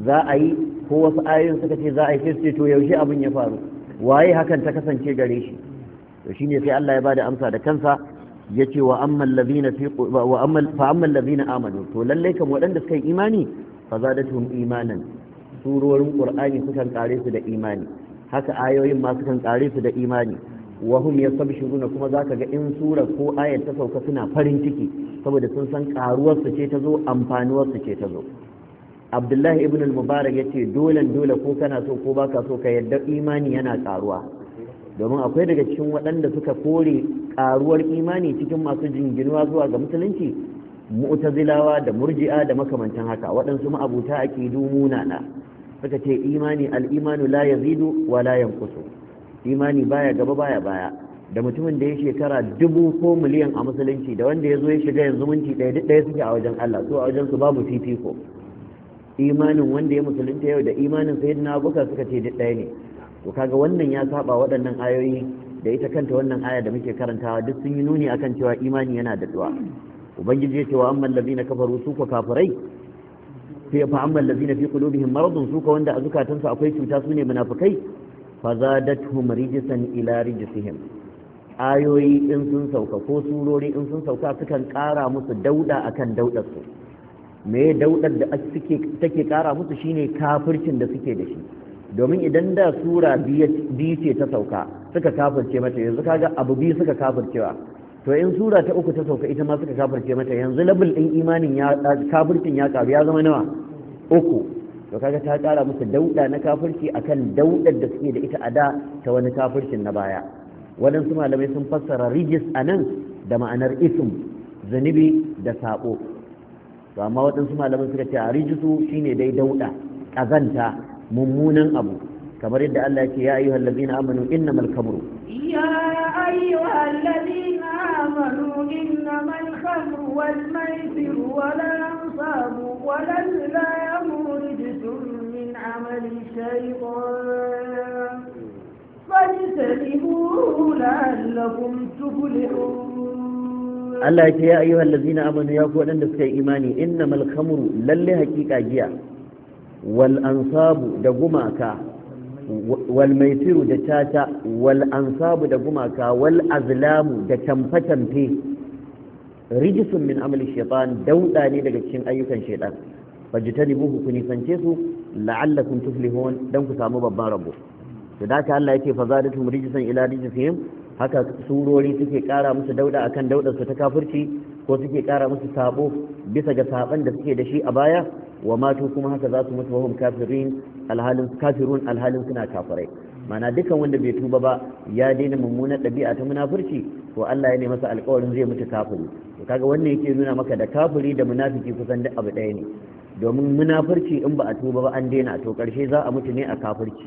za a yi ko wasu ayoyin suka ce za a yi sai su ce to yaushe abin ya faru waye hakan ta kasance gare shi to shine sai Allah ya bada amsa da kansa yace wa ammal ladina fi wa ammal fa ammal ladina amanu to lalle kan waɗanda suka yi imani fa zadatuhum imanan surorin qur'ani sukan kare su da imani haka ayoyin ma sukan kare su da imani wa hum yasbishuna kuma zaka ga in sura ko ayat ta sauka suna farin ciki saboda sun san karuwar su ce ta zo amfanuwar su ce ta zo Abdullahi ibn al-Mubarak yace dole dole ko kana so ko baka so ka yadda imani yana karuwa domin akwai daga cikin waɗanda suka kore ƙaruwar imani cikin masu jinginuwa zuwa ga musulunci mu'tazilawa da murji'a da makamantan haka waɗansu ma'abuta ƙidu munana suka ce imani al'imanu la yazidu wa la yanqusu imani baya gaba baya baya da mutumin da ya shekara dubu ko miliyan a musulunci da wanda ya zo ya shiga yanzu minti ɗaya duk ɗaya suke a wajen Allah su a wajen su babu fifiko imanin wanda ya musulunta yau da imanin sayyidina abubakar suka ce duk ɗaya ne to kaga wannan ya saba waɗannan ayoyi da ita kanta wannan aya da muke karantawa duk sun yi nuni akan cewa imani yana da tsuwa ubangiji ya ce wa amman ladina kafaru su ko kafirai sai fa amman ladina fi qulubihim maradun su ko wanda a zukatansu akwai cuta su ne munafikai fa zadatuhum rijsan ila rijsihim ayoyi in sun sauka ko surori in sun sauka sukan kara musu dauda akan daudar su me daudar da suke take kara musu shine kafircin da suke da shi domin idan da sura biyu ce ta sauka suka kafirce mata yanzu kaga abu biyu suka kafircewa to in sura ta uku ta sauka ita ma suka kafirce mata yanzu labul din imanin ya kafircin ya karu ya zama nawa uku to kaga ta kara musu dauda na kafirci akan daudar da suke da ita a da ta wani kafircin na baya waɗansu malamai sun fassara rijis a nan da ma'anar ism zunubi da saƙo to amma waɗansu malamai suka ce a rijisu shine dai dauda ƙazanta mummunan abu kamar yadda Allah ya ce ya ayyuhal ladina amanu innamal khamru ya ayyuhal ladina amanu innamal khamru wal maisir wal ansab wal azlam rijsun min amali shaytan fajtanibuhu la'allakum tuflihun Allah ya ce ya ayyuhal ladina amanu ya ku wadanda suka yi imani innamal khamru lalle hakika giya wal ansabu da gumaka wal da tata wal ansabu da gumaka wal azlamu da tamfe tamfe rijisun min amali shaitan dauda ne daga cikin ayyukan shaitan fajtanibuhu ku nisance su la'allakum tuflihun dan ku samu babban rabo to da Allah yake fazadatum rijisan ila rijisihim haka surori suke kara musu dauda akan daudar su ta kafurci? ko suke ƙara musu sabo bisa ga saban da suke da shi a baya wa matu kuma haka za su mutu wa kafirin alhalin kafirun alhalin suna kafirai mana dukan wanda bai tuba ba ya daina mummunar ɗabi'a ta munafurci to Allah ya masa alƙawarin zai mutu kafiri to kaga wannan yake nuna maka da kafiri da munafiki kusan duk abu ɗaya ne domin munafurci in ba a tuba ba an daina to ƙarshe za a mutu ne a kafirci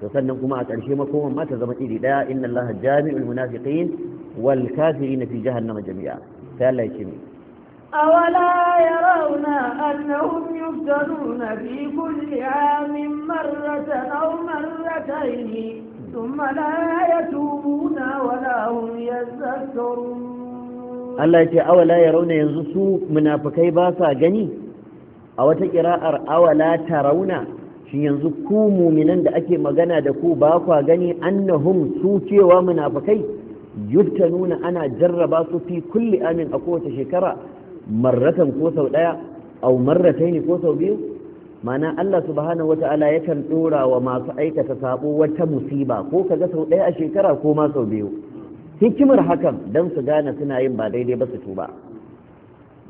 to sannan kuma a ƙarshe makoman ma ta zama iri ɗaya inna Allah jami'ul munafiqin wal kafirin fi jahannama jami'a sai Allah ya rauna mai أولا يرون أنهم يفتنون في كل عام مرة أو مرتين ثم لا يتوبون ولا هم يذكرون Allah ce awala ya rauna yanzu su munafukai ba sa gani a wata kira'ar awala ta rauna shi yanzu ku muminan da ake magana da ku ba kwa gani annahum su cewa munafukai nuna ana jarraba su fi kulli amin a kowace shekara marratan ko sau daya au ne ko sau biyu mana Allah subhanahu wata'ala yakan ɗora wa masu aikata sabo wata musiba ko kaga sau ɗaya a shekara ko ma sau biyu hikimar hakan dan su gane suna yin ba daidai ba su tuba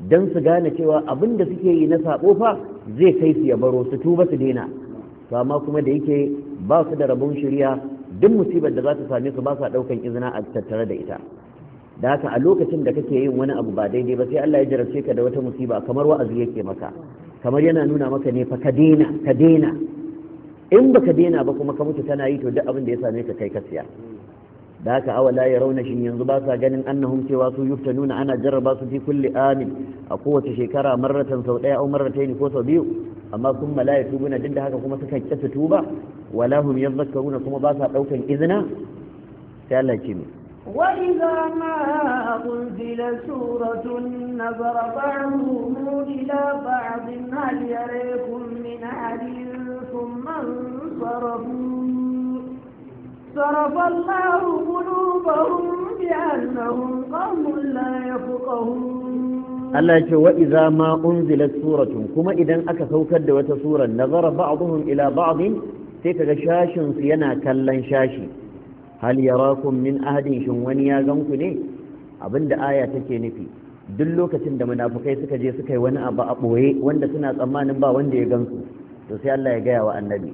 dan su gane cewa abin da suke yi na sabo fa zai kai su ya baro su tuba su daina to amma kuma da yake ba su da rabon shari'a duk musibar da za ta same su ba sa ɗaukan izina a tattare da ita da haka a lokacin da kake yin wani abu ba daidai ba sai Allah ya jarabce ka da wata musiba kamar wa'azi yake maka kamar yana nuna maka ne fa ka daina ka daina in baka daina ba kuma ka mutu tana yi to duk abin da ya same ka kai ka siya da haka awa la yarawna shin yanzu ba sa ganin annahum cewa su yuftanuna ana jarraba su fi kulli amin a kowace shekara marratan sau daya au marrataini ko sau biyu amma kun la yatubuna duk da haka kuma suka kisa tuba ولا هم يذكرون ثم باسا قوفا إذنا تعالى جميع وإذا ما أنزل سورة نظر بعضهم إلى بعض هل يريكم من أهل ثم انصرفوا صرف الله قلوبهم بأنهم قوم لا يفقهون Allah ya وإذا ما أنزلت سورة unzilat إذا kuma idan aka نظر بعضهم إلى بعض sai kaga shashin su yana kallon shashi hal yarakum min ahadin shin wani ya gan ku ne abinda aya take nufi duk lokacin da munafukai suka je suka yi wani abu a boye wanda suna tsammanin ba wanda ya gan su to sai Allah ya gaya wa annabi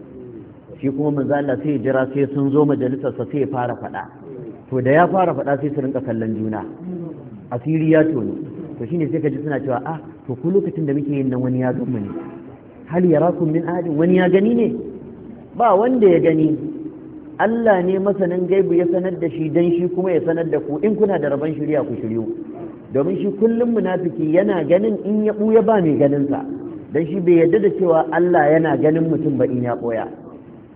shi kuma manzo Allah sai jira sai sun zo majalisar sa sai ya fara faɗa to da ya fara faɗa sai su rinka kallon juna asiri ya tono to shine sai ka ji suna cewa ah to ku lokacin da muke yin nan wani ya gan mu ne hal yarakum min ahadin wani ya gani ne ba wanda ya gani Allah ne masanin gaibu ya sanar da shi don shi kuma ya sanar da ku in kuna da rabon shirya ku shiryu domin shi kullum munafiki yana ganin in ya ɓuya ba mai ganinsa don shi bai yarda da cewa Allah yana ganin mutum ba in ya ɓoya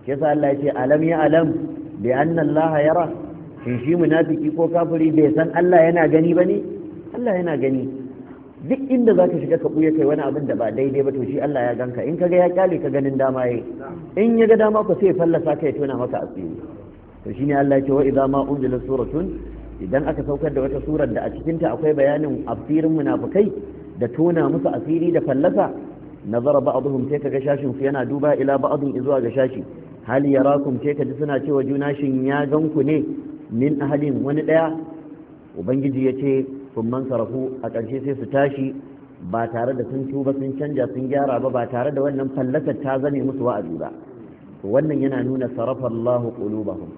shi yasa Allah ya ce alam ya alam bi anna Allah yara shin shi munafiki ko kafiri bai san Allah yana gani ba ne Allah yana gani duk inda zaka shiga ka buya kai wani abin da ba daidai ba to shi Allah ya ganka in kaga ya kyale ka ganin dama yayi in ya ga dama ku sai fallasa kai tona maka asiri to shine Allah ya ce wa idza ma unzila suratun idan aka saukar da wata surar da a cikin ta akwai bayanin asirin munafikai da tona musu asiri da fallasa nazara ba'dhum sai kaga shashin su yana duba ila ba'dhin zuwa ga shashi hal yarakum sai kaji suna cewa juna shin ya ganku ne min ahalin wani daya ubangiji ya ce sun mansarafu a ƙarshe sai su tashi ba tare da sun tuba sun canja sun gyara ba ba tare da wannan fallasar ta zame musu wa'azi ba wannan yana nuna sarrafar Allahu qulubahum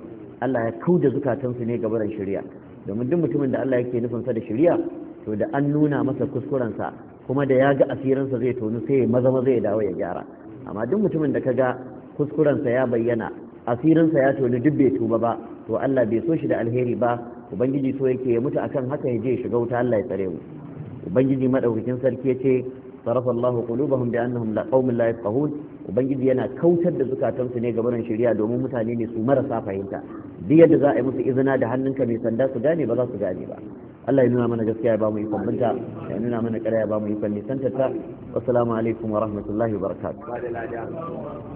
Allah ya kauda zukatansu ne gabaran shari'a domin duk mutumin da Allah yake nufin sa da shari'a to da an nuna masa kuskurensa kuma da ya ga asirinsa zai tonu sai ya maza maza ya dawo ya gyara amma duk mutumin da ka ga kuskurensa ya bayyana asirinsa ya tonu duk bai tuba ba to Allah bai so shi da alheri ba ubangiji so yake ya mutu akan haka ya je shiga wuta Allah ya tsare mu ubangiji madaukakin sarki ya sarafa Allahu qulubahum bi annahum la qaumun la yafqahun ubangiji yana kautar da zukatansu ne ga barin shari'a domin mutane ne su marasa fahimta duk yadda za a yi musu izina da hannunka mai sanda su gane ba za su gane ba Allah ya nuna mana gaskiya ya ba mu ikon binta ya nuna mana ƙarya ya ba mu ikon nisantarta wassalamu alaikum wa rahmatullahi wa barakatuh